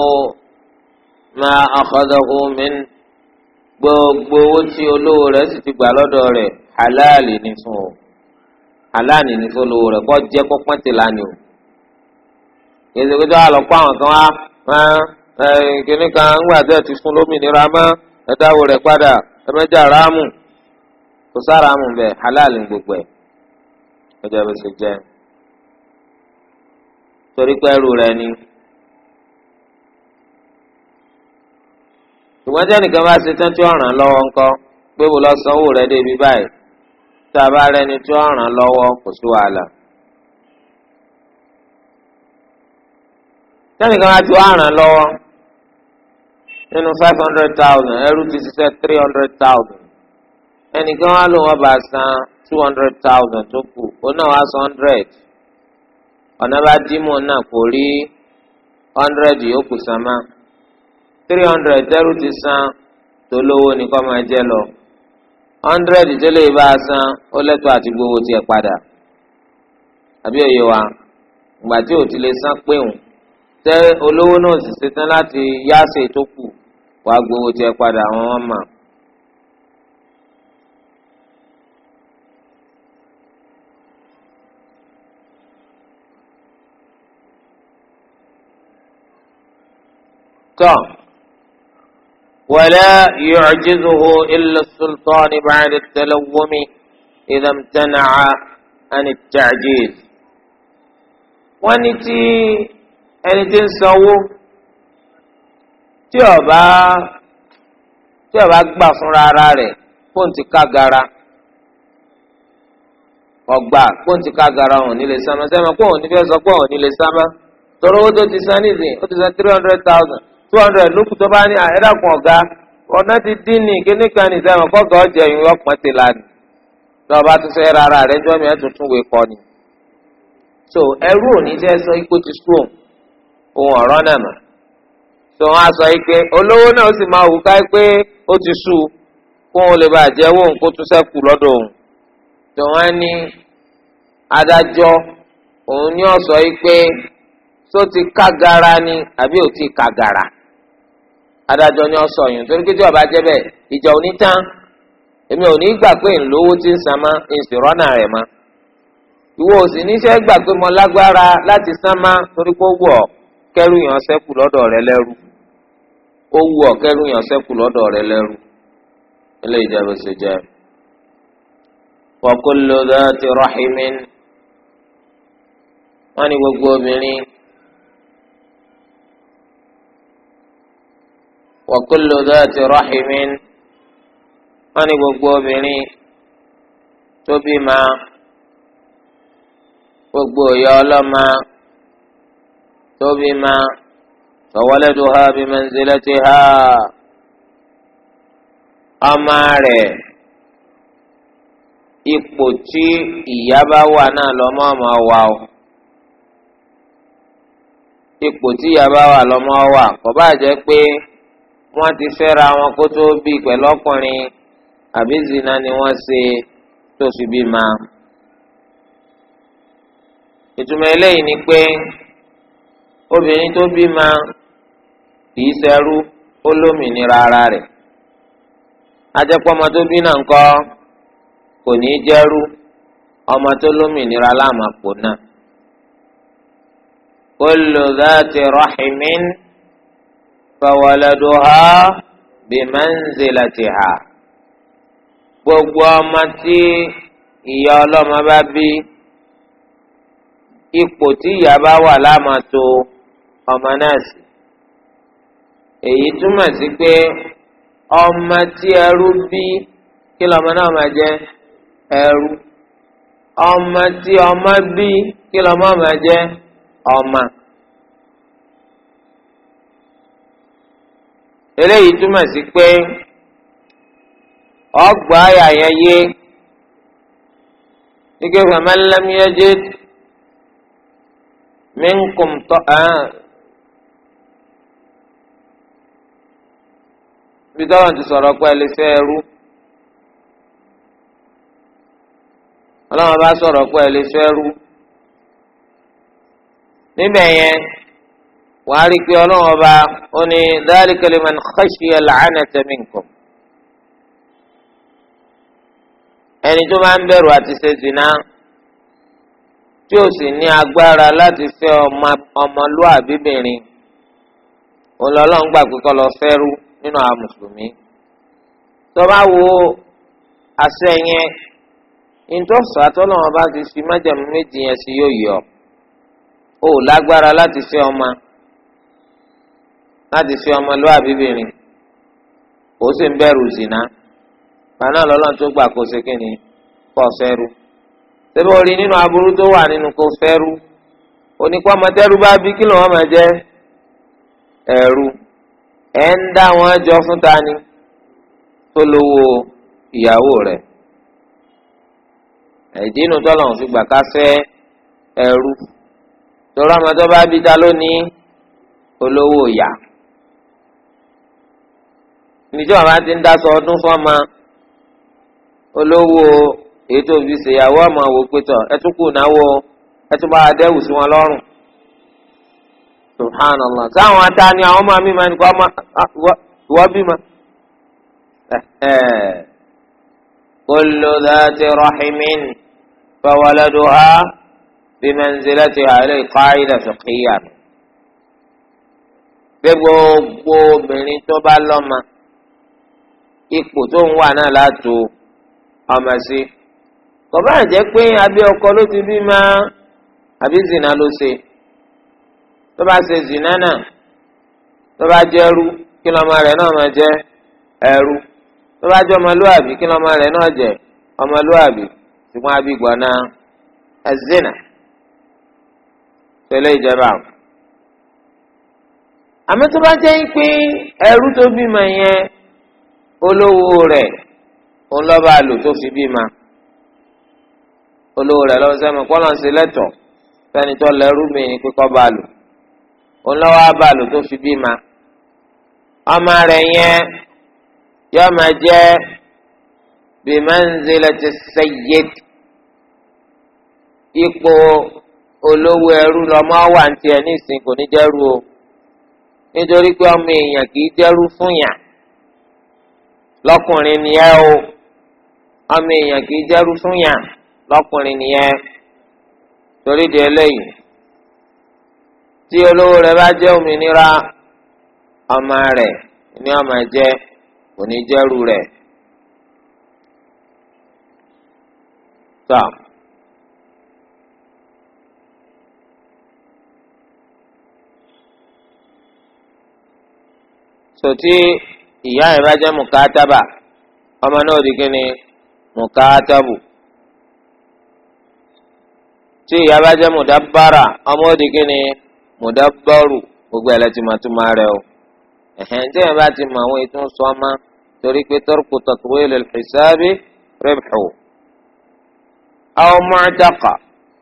ma akhadahu min gbogbo owó tí olówó rẹ̀ sì ti gbà lọ́dọ̀ rẹ̀ halali ni fún o aláàní ní fọlọ́wọ́ rẹ̀ kọ́ jẹ́ kó pọ́n ti lánì o. ìṣègùn tó wà lọ kó àwọn kan wá kìnnì kan ńgbà tẹ́ ti fún lómìnira mọ́ ẹ̀dáwó rẹ̀ padà ẹ̀mẹ́jà ráàmù kò sára mù bẹ́ẹ̀ halal ní gbogbo ẹ̀ ẹ̀jẹ̀ bó ṣe jẹ́ torí pé ẹrù rẹ̀ ni. ṣùgbọ́n jẹ́ nìkan bá ṣe tán tí ọ̀ràn lọ́wọ́ ńkọ́ pé wò lọ sanwó rẹ̀ débi báyìí tá a bá rẹni tí ó ràn lọ́wọ́ kò sí wàhálà. tẹ́nìkan á ti wá ràn lọ́wọ́ nínú five hundred thousand ẹrú ti ṣiṣẹ́ three hundred thousand ẹnìkan á lò wọ́n bá san two hundred thousand tó kù ó náà wá san hundred ọ̀nà bá dímọ̀ náà kò rí hundred yòókù san mọ́ three hundred ẹrú ti san tó lówó nìkan máa jẹ́ lọ hundred tẹ́lẹ̀ bá a san ó lẹ́tọ̀ọ́ àti gbowó tiẹ̀ padà àbí òye wa ìgbà tí ò ti lè san péhùn tẹ olówó náà sì ṣetán láti yáṣe tó kù wàá gbowó tiẹ̀ padà àwọn ọmọ. tọ́ ولا يعجزه إلا السلطان بعد التلوم إذا امتنع عن التعجيز ونتي ẹni tí ń sanwó tí ọba tí كنت gbà fúnra ara rẹ̀ fóun ti ká gara ọgbà fóun ti ká gara òun nílé sámá sẹ́mi kó òun ní sọ pé òun nílé sámá torí owó tó ti san nísìnyí ó ti san three hundred thousand two hundred lókù tó bá ní ẹ̀dàkùn ọ̀gá ọ̀nà ti dín ní kíní kan ní sẹ́wọ̀n kọ́gà ọ̀jẹ̀ yìí ọ̀pọ̀n ti lánìí tó o bá tún sẹ́ rárá rẹ̀ jọ́ mi ẹ̀ tuntun wé kọ́ ni. so ẹrú òní jẹ́ sọ ipò ti strong ohun ọ̀rọ̀ náà mọ̀ tó wọn á sọ yìí pé olówó náà ó sì máa wù ká pé ó ti sú kó òun lè bàjẹ́ wò ń kó tún sẹ́kù lọ́dọ̀ òun tó wọn ní adájọ́ òun ní ọ̀sọ́ yìí pé só ti ká gara ni àbí ò ti ká gara adájọ́ ni ọ sọ yìí nítorí kéjọ́ ọba jẹ́ bẹ́ẹ̀ ìjà òní tán èmi ò ní gbà pé ńlówó ti ń san mọ́ ìsìrọ́nà rẹ̀ mọ́ ìwọ ò sì níṣẹ́ gbà pé mo lágbára láti san mọ́ torí pé wù ọ́ kẹ́rù yàn sẹ́kù lọ́dọ̀ rẹ lẹ́rú ó wù ọ́ kẹ́rù yàn sẹ́kù lọ́dọ̀ rẹ lẹ́rú ilé ìjẹ́bù sì jẹ́ wa kullu dhati rahimin wọ́n ní gbogbo obìnrin. wa kullu dhati rahimin wọ́n ní gbogbo obìnrin tó bímọ gbogbo ìyá ọlọ́mọ tó bímọ fawaladuha bimanzilatiha ọmọ rẹ̀ ipò tí ìyá bá wà náà lọ́mọ ọmọ wa o ipò tí ìyá bá wà lọ́mọ wa kò bá jẹ́ pé. wọn ti fẹ́ra wọn kó tó bí pẹ̀lú ọkùnrin àbí zina ni wọ́n ṣe tó fi bí ma. ìtumọ̀ eléyìí ni pé obìnrin tó bí ma kìí ṣẹrú ó lómìnira ara rẹ̀ ajẹ́pọ̀ ọmọ tó bí náà ńkọ́ kò ní í jẹ́rú ọmọ tó lómìnira láàmà pò náà. kullu dhati rahimin. fawaladuha بمنزلتها gbogbo ọmọ tí ìyá ọlọ́mọ bá bí ipò tí ìyá bá wà lámàtó ọmọ náà sí èyí túmọ̀ sí pé ọmọ tí ẹrú bí kí lọmọ náà máa jẹ ẹrú ọmọ tí ọmọ bí kí lọmọ máa jẹ ọmọ. eléyìí túmọ̀ sí pé ọgbà àyà yẹn yé ike faman lam yajid minkum tọ́ bí tọ́lọ̀ ti sọ̀rọ̀ pé ẹ lè fẹ́ bá sọ̀rọ̀ pé ẹ níbẹ̀ yẹn wàá rí i pé ọlọ́run ọba ó ní dhalika liman khashiya al-'anata minkum. ẹni tó máa ń bẹ̀rù àti ṣe zina tí ó sì ní agbára láti fẹ́ ọmọlúàbíbìnrin ọlọ́run gbà pé kó lọ fẹ́rú nínú àwọn mùsùlùmí. tó wo àṣẹ yẹn ìtọ́sọ àtọ́lọ́wọ́n bá ti fi májàmú méjì yẹn sí yóò yọ ó lágbára láti fẹ́ ọmọ láti fi ọmọlúwàbí bìnrin kò sì ń bẹ̀rù zìnà gbaná lọ́lọ́run tó gbà kó ṣe kí ni kọ́ fẹ́rù síbi orí nínú aburú tó wà nínú kó fẹ́rù oníkó bá bí kí máa ẹ̀rù ẹ̀ ń dá wọn gbà ká fẹ́ ẹ̀rù bá bí ta níjọ́ àwọn ti ń dáṣọ ọdún fọ́mọ olówó ètò òbí ṣèyàwó ọmọ wò pétọ ẹtún kù náwó ẹtún bá adẹ́wù sí wọn lọ́rùn subhanallah sáwọn atani àwọn ọmọ mi máa ń kọ́ ọmọ wọ́n bímọ. كل ذات رحم فولدها بمنزلتها إليه قاعدة فقهية gbogbo obìnrin tó bá lọ́mọ ipò tó ń wà náà látò ọmọ sí kò bá jẹ́ pé abẹ́ ọkọ ló ti bí máa àbí zina ló ṣe tó bá ṣe zina náà tó bá jẹ́ ẹrú kí lọ́mọ rẹ̀ náà máa jẹ́ ẹrú tó bá jẹ́ ọmọlúwàbí kí lọ́mọ rẹ̀ náà jẹ́ ọmọlúwàbí ṣùgbọ́n abí gbọ́ná ẹ̀zínà tẹ̀lé ìjọba. àmọ́ tó bá jẹ́ pé ẹrú tó bímọ yẹn olówó rẹ̀ òun lọ́ba àlò tó fi bímọ olówó rẹ̀ lọ́wọ́ sẹ́mi kọ́lọ́ ń ṣe lẹ́tọ̀ sẹ́ni tó lẹ́rú mi ní kíkọ́ bá lò òun lọ́wọ́ bá lò tó fi bímọ ọmọ rẹ̀ yẹn yọ máa jẹ́ bi manzilati sayyid ipò olówó ẹrú lọmọ wà ní tiẹ̀ nísìnyí kò ní dẹ́rù o nítorí pé ọmọ èèyàn kì í dẹ́rù fún yàn lọ́kùnrin nìyẹn o ọmọ èèyàn kì í jẹ́rú fún yàn lọ́kùnrin nìyẹn torí di eléyìí tí olówó rẹ̀ bá jẹ́ òmìnira ọmọ rẹ̀ ni ọmọ jẹ́ kò ní jẹ́rú rẹ̀. Stop. sòtí ìyá yẹn bá jẹ́ mùkátàbà ọmọ náà di kí ni mùkátàbù tí ìyá bá jẹ́ mùdábàrà ọmọ ó di kí ni mùdábàrù gbogbo ẹ̀ lẹ́tì máa tún máa rẹ o ẹ̀hẹ́n tí yẹn bá ti mọ àwọn ètò sọ ọmọ torí pé tọ́rùkù tọ̀kùwé lè fìsáàbì rẹ̀bù àwọn mọ̀ọ́tàkà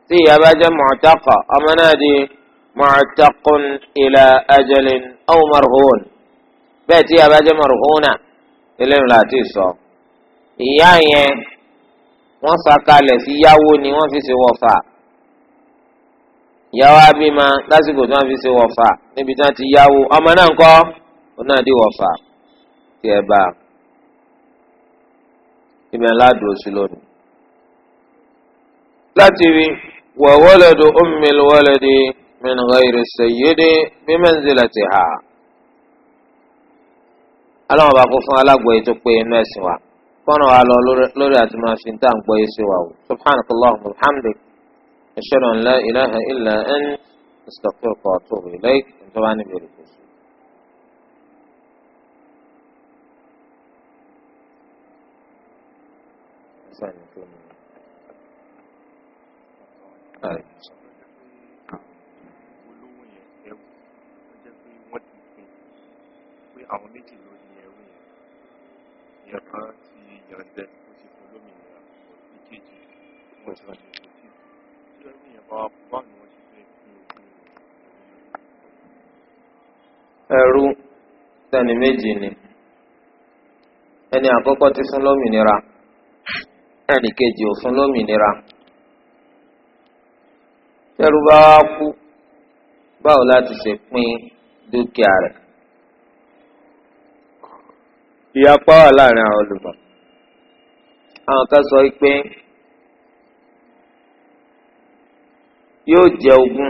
tí ìyá bá jẹ́ mọ̀ọ́tàkà ọmọ náà di mọ̀ọ́tàkùn ìlà ajalin aw marhun bẹ́ẹ̀ tí abájẹ́ mọ̀rùkúnà eléyìí láti sọ. ìyá yẹn wọ́n sàkalẹ̀ sí yáwó ni wọ́n fi ṣe wọ̀fà yáwó abímọ lásìkò tí wọ́n fi ṣe wọ̀fà níbi tí wọ́n ti yáwó ọmọ náà ń kọ́ ọ náà di wọ̀fà tí ẹ bá ibi aládùn oṣù lónìí. láti rí wọ̀wọ́lẹ̀dù ummil waladi min ghayri sayyidi bi manzilatiha aláwọn bá kó fún alágbọ̀ọ́ yìí tó pé inú ẹ̀sìn wa kọ́nà wa lọ lórí àti máa fi dá àgbọ̀ yìí sí wa o subhanakallah alhamdulilayi ashhadu an la ilaha illa an astaghfiruka wa atubu ilayk ntọ́ba níbi èrè àwọn méjì ìjọba ti yànjẹ ó ti fún lómìnira ìkejì wọn ti ràjẹ kò tí tí wọn ní ìyàbá wà ní wọn ti fẹ́ fún òkú ẹrú tẹni méjì ni ẹni àkọ́kọ́ ti fún lómìnira ẹni kejì ò fún lómìnira tẹrú bá wá kú báwo láti ṣe pín dúkìá rẹ̀ ìyapa wà láàrin àwọn olùmọ̀ àwọn kan sọ pé yóò jẹ ogún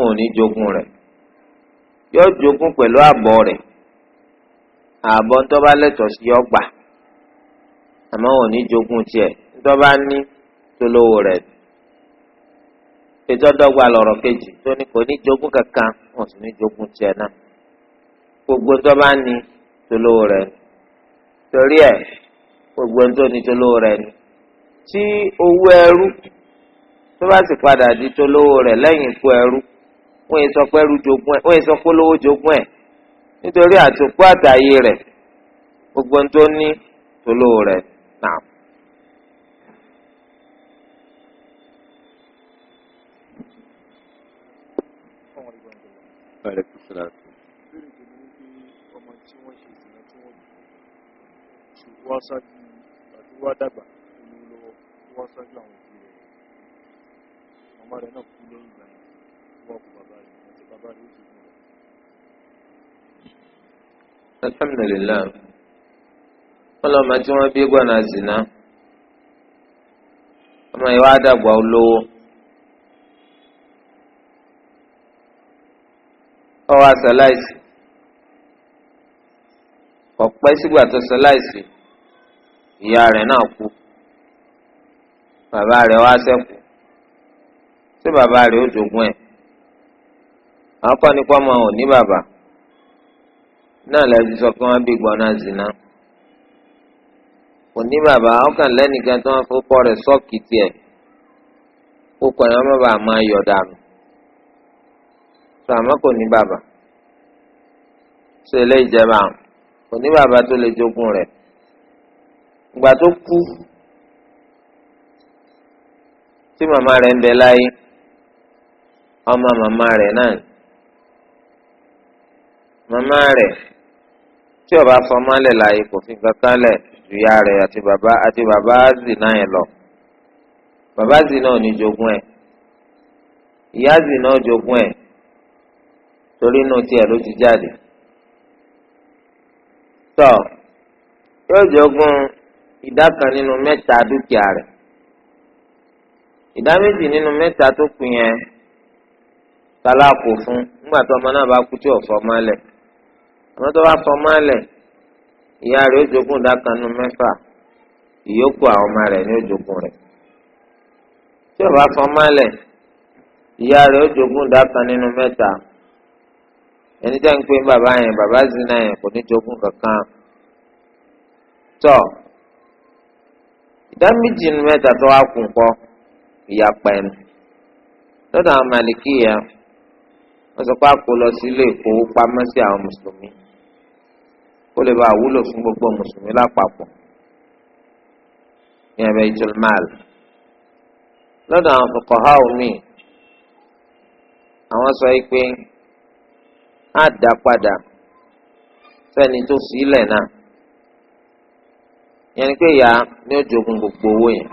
òun ní jogún rẹ̀ yóò jogún pẹ̀lú ààbọ̀ rẹ̀ ààbọ̀ tó bá lẹ́tọ̀ọ́ sí yọ gbà àmọ́ òun ní jogún tiẹ̀ tó bá ní tó lówó rẹ̀ ètò ọdọgba lọ́rọ̀ kejì tó ní kò ní jogún kankan òun sì ní jogún tiẹ̀ náà gbogbo tó bá ní tolówó rẹ torí ẹ gbogbo ẹni tó ní tolówó rẹ ni tí owó ẹrú tó bá sì padà di tolówó rẹ lẹ́yìn ikú ẹrú wọn yìí sọ pé ẹrú jogún ẹ wọn yìí sọ pé olówó jogún ẹ nítorí àtòkù àtàyè rẹ gbogbo ẹni tó ní tolówó rẹ náà. Vale, pues tó wá ṣáájú tó wá dàgbà olówó lọ́wọ́ tó wá ṣáájú àwọn òbí rẹ̀ màmá rẹ̀ náà kú lẹ́yìn ìgbà yẹn tó wá kú bàbá rẹ̀ àti bàbá rẹ̀ ó ti kú rẹ̀. alhamdulilayi wọn lọ máa tí wọn bí gbọnà zina ọmọ yìí wá dàgbà olówó. ọwọ́ àṣàláìsì ọ̀pẹ́ sígbà tó ṣàláìsì ìyá rẹ̀ náà kú bàbá rẹ̀ wá ṣẹ́kù ṣé bàbá rẹ̀ ó jogún ẹ̀ àwọn kọ́ni kọ́ ọmọ ò ní bàbá náà lẹ́sìn sọ pé wọ́n bí gbọ́ná zina kò ní bàbá ọkàn lẹ́nìkan tó wọ́n fọ́pọ́ rẹ̀ sọ́ọ̀kì tiẹ̀ kó kọ́ ẹ̀ wọ́n bá máa yọ̀ dànù sọ àmọ́ kò ní bàbá ṣe ilé ìjẹba kò ní bàbá tó lè jogún rẹ̀ ìgbà tó kú tí màmá rẹ̀ ń bẹ láyé ọmọ màmá rẹ̀ náà màmá rẹ̀ tí ọba fọmọlẹ̀ láyé kò fi kankan lẹ̀ ju ìyá rẹ̀ àti bàbá àti bàbá zì náà yẹn lọ bàbá zì náà ní jogún ẹ̀ ìyá zì náà jogún ẹ̀ torí inú tiẹ̀ ló ti jáde tọ́ yóò jogún ìdá kan nínú mẹ́ta dúkìá rẹ̀ ìdá méjì nínú mẹ́ta tó kù yẹn tálá kò fún nígbà tó ọmọ náà bá kú tí ò fọmọ lẹ̀ ọmọ tó bá fọmọ lẹ̀ ìyá rẹ̀ ó jogún ìdá kan nínú mẹ́fà ìyókù àwọn ọmọ rẹ̀ ní ó jogún rẹ̀ tí ò bá fọmọ lẹ̀ ìyá rẹ̀ ó jogún ìdá kan nínú mẹ́ta ẹni tẹ́ ń pè bàbá yẹn bàbá zina yẹn kò ní jogún kankan tọ́. So, ìdá méjì nínú mẹ́ta tó wá kún kọ́ ìyapa ẹnu lọ́dọ̀ àwọn màlìkíyà wọ́n sọ pé àpò lọ sí ilé ìfowópamọ́ sí àwọn mùsùlùmí kó lè bá àwúlò fún gbogbo mùsùlùmí lápapọ̀ ní ẹ̀bẹ̀ ìjọlmáàlì lọ́dọ̀ àwọn fòkànhá omi àwọn sọ pé á dá padà sẹ́ni tó fi náà. yẹn pé ìyá ni ó gbogbo owó yẹn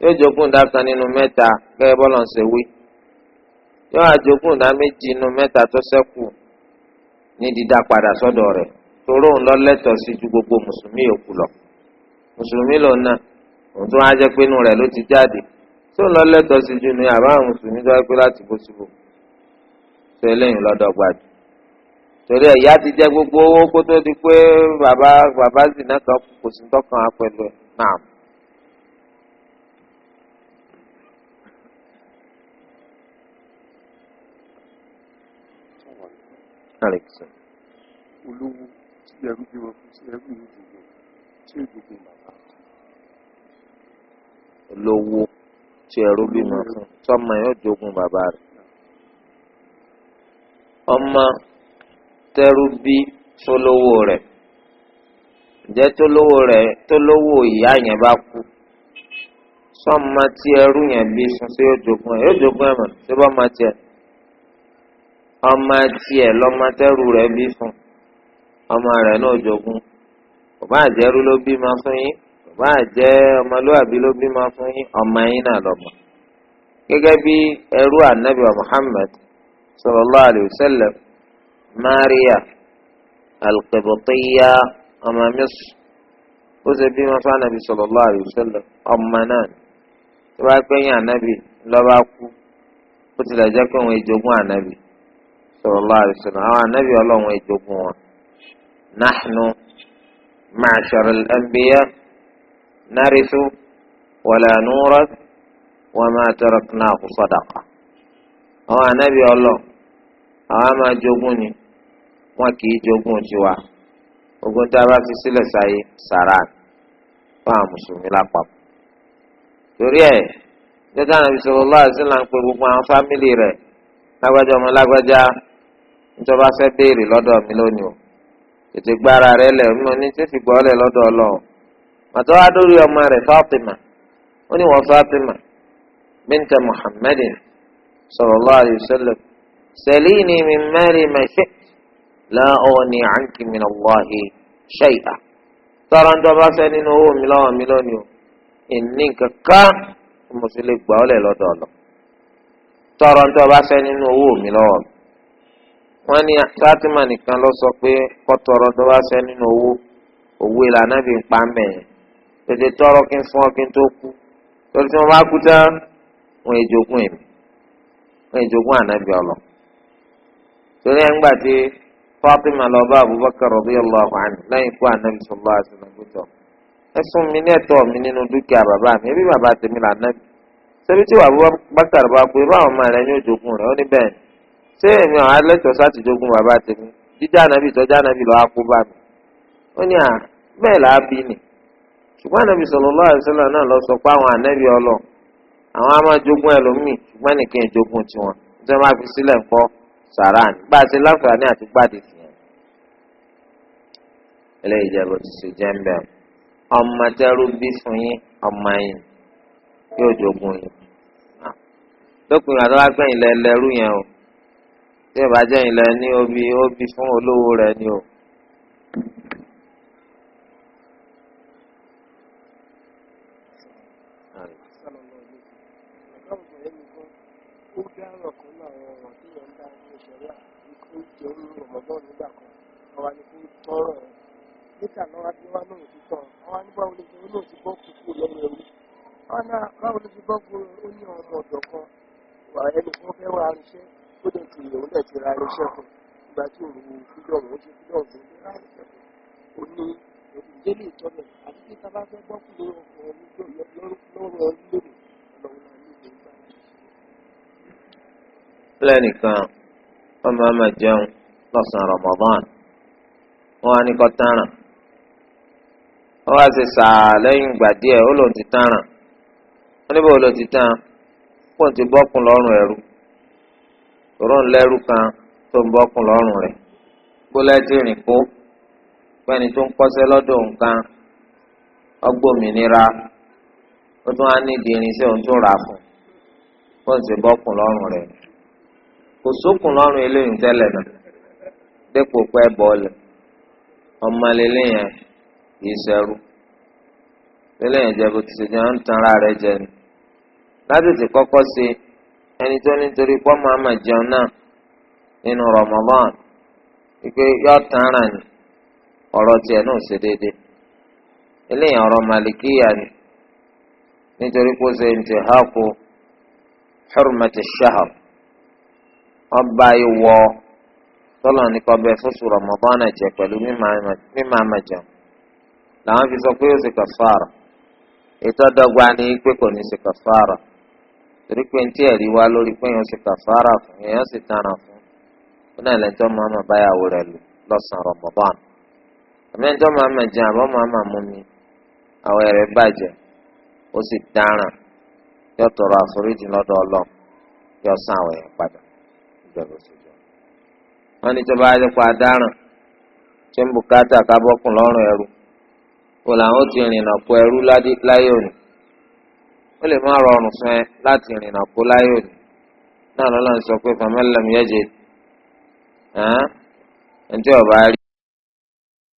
yóò nínú mẹta gẹ́gẹ́ bọ́lá ń ṣe wí yóò àjogún méjì nínú mẹta tó ṣẹ́kù ní dídá padà sọ́dọ̀ rẹ̀ gbogbo mùsùlùmí lọ mùsùlùmí lòun náà òun tó wá ti jáde tó ń lọ lẹ́tọ̀ọ́ sí ju ní àbá mùsùlùmí tó pé torí ẹ̀ ìyá ti jẹ gbogbo owó kó tó di pé bàbá bàbá zina kan kò sí tọkàn á pẹ̀lú ẹ̀ náà. olówó tí ẹrú bí wọn fún sí ẹrú ìlú gbogbo tí ìgbogbo bàbá. olówó tí ẹrú bí wọn fún sọmọ yóò jogun bàbá rẹ̀ ọmọ tẹ́rú bí tó lówó rẹ̀ ǹjẹ́ tó lówó rẹ̀ tó lówó ìyá yẹn bá kú sọ́ọ̀mà tí ẹrú yẹn bí sun sí òjògùn ẹ̀ òjògùn ẹ̀ mọ̀ tó bá máa tiẹ̀ ọmọ tiẹ̀ lọ́mọ tẹ́rú rẹ̀ bí fún ọmọ rẹ̀ náà jogún bàbá àjẹrú ló bímọ fún yín bàbá àjẹ ọmọlúwàbí ló bímọ fún yín ọmọ yín náà lọ́mọ. gẹ́gẹ́ bí ẹrú ànábì Muhammad sallallahu alaihi wasallam maria alqibtiya ọmọ misr ó ṣe bímọ fún anabi sallallahu alaihi wasallam ọmọ náà tó bá pẹ́yìn anabi lọ́ba kú ó ti dàjẹ́ pé òun èjogún anabi sallallahu alaihi wasallam àwọn anabi ọlọ́run èjogún wọn. nahnu ma'shar al-anbiya narithu wala nurath wama taraknahu sadaqa àwọn anabi ọlọ́run àwọn máa jogún ni. wọn kì í jogún ogun tá a bá fi sílẹ̀ sáyé sàrà fún àwọn mùsùlùmí lápapọ̀ torí ẹ, jẹ́jẹ́ àná bisọ̀rọ̀ lọ́wọ́ àti sílẹ̀ ń gbogbo àwọn fámìlì rẹ̀ lágbájá ọmọ lágbájá níjọba fẹ́ béèrè mi lónìí o tètè gbára rẹ lẹ̀ mí ní tí fi gbọ́ màtọ́ ọmọ la ọ̀ọ́ni àǹkì min Allahi shay'a tọ́ra ń dọ́ba fẹ́ nínú owó mi lọ́wọ́ mi lónìí o ìní kankan mo sì lè gbà ọ́ lẹ̀ lọ́dọ̀ ọ̀lọ́ tọ́ra ń dọ́ba fẹ́ nínú owó mi lọ́wọ́ mi wọ́n ní sátìmá nìkan lọ sọ pé kọ́ tọrọ dọ́ba fẹ́ nínú owó òwe lànà bí n pa mẹ́ẹ̀ tètè tọrọ kí n fún ọ kí n tó kú torí tí wọ́n bá kú tán wọ́n èjogún èmi wọ́n èjogún ànábì ọlọ́ torí ẹ̀ ń gbà tí. Fatima lọ bá Abubakar radiyallahu anhu lẹ́yìn fún anabi sallallahu alaihi wasallam gbọ́dọ̀ ẹsùn mi ní ẹ̀tọ́ mi nínú dúkìá bàbá mi ẹbí bàbá tèmi là nàbì ṣebí tí Abubakar bá pé irú àwọn ọmọ rẹ̀ ní òjògùn rẹ̀ ó ní bẹ́ẹ̀ ṣé èmi àwọn alẹ́tọ̀ọ́ sáti jogún bàbá tèmi jíjá anabi ìtọ́jú anabi lọ́wọ́ kó bá mi ó ní à bẹ́ẹ̀ là á bí ni ṣùgbọ́n anabi sallallahu alaihi wasallam náà lọ sọ pé àwọn anabi ọlọ àwọn á ẹlòmíì ṣùgbọ́n nìkan ìjogún tiwọn nítorí wọn fi sílẹ̀ ńkọ́ sàrà ni bá a ṣe láǹfààní àti gbàdé sí yẹn. eléyìí jẹ́ bó ti ṣe jẹ́ ń bẹ̀rù ọmọ tẹ́rù bí fún yín ọmọ yín yóò jogun yín. lópin àti wá gbẹ̀yìn lẹ́lẹ́rú yẹn o tí ìbájẹ́ yìí lẹ ní obi ó bí fún olówó rẹ̀ ni o. ọlọ́run nígbà kan ọwà ní kí tọrọ ẹ níta náà wá bí wá lóhùn ti tọrọ ọwà ní báwo lè ṣe ó lóhùn ti bọ́ kúkú lẹ́nu ẹrú ọwà náà báwo lè ṣe bọ́ kúrò ó ní ọmọ ọ̀dọ̀ kan wà ẹni fún fẹ́ wá iṣẹ́ ó dẹ̀ ti ìyẹ̀wò náà ti ra iṣẹ́ kan ìgbà tí òru fídọ̀mù ó ṣe fídọ̀mù ó ra iṣẹ́ kan ó ní òkùnjẹ́ lè tọ́ lọ́sàn-án Ramadan wọ́n á ní kọ́ tánràn ó wá sàá lẹ́yìn ìgbà díẹ̀ ó lòun ti tánràn wọ́n níbo ló ti tán kó n ti bọ́kùn lọ́rùn ẹ̀rú tòró ń lẹ́rú kan tó ń bọ́kùn lọ́rùn rẹ̀ gbólẹ́tì rìn rà fún ti bọ́kùn lọ́rùn rẹ̀ kò lọ́rùn dépò pẹ́ bọ́ọ̀lù ọmọlélẹ́ yẹn kìí ṣẹrú lélẹ́ yẹn jẹ́ bó ti ṣe ń tan ara rẹ̀ jẹ ni ti kọ́kọ́ ṣe ẹni tó nítorí pọ́ máa jẹun náà nínú Ramadan wípé yọ tan ara ni ọ̀rọ̀ tiẹ̀ náà ṣe eléyìí ọ̀rọ̀ màlìkíyà ni nítorí kó ṣe ọba tọ́lọ̀ ní kọ́ bẹ́ẹ̀ fún n'ime ama jẹ pẹ̀lú mímọ́ àmàjẹun làwọn fi sọ pé ó sì ètò ọ̀dọ́gba ni pé kò ní sí kàfàrà torí pé ntí ẹ̀rí wá lórí pé èèyàn sì kàfàrà fún èèyàn sì tàràn fún fún náà lẹ́tọ́ báyàwó rẹ̀ lò lọ́sàn àmì ẹ̀tọ́ àbọ̀ mú mi ẹ̀rẹ́ bàjẹ́ ó sì yóò tọrọ àforíjì lọ́dọ̀ yóò padà ìjọba wọn ní tó bá yẹ pa dáràn tí ń bùkátà kábọ́kùn lọ́rùn ẹrú kò làwọn ti rìnnà kó ẹrú láyé òní ó lè má rọrùn fún ẹ láti rìnnà kó láyé òní náà lọ́la ń sọ pé faman lam yajid ẹ̀ǹtí ọ̀bá rí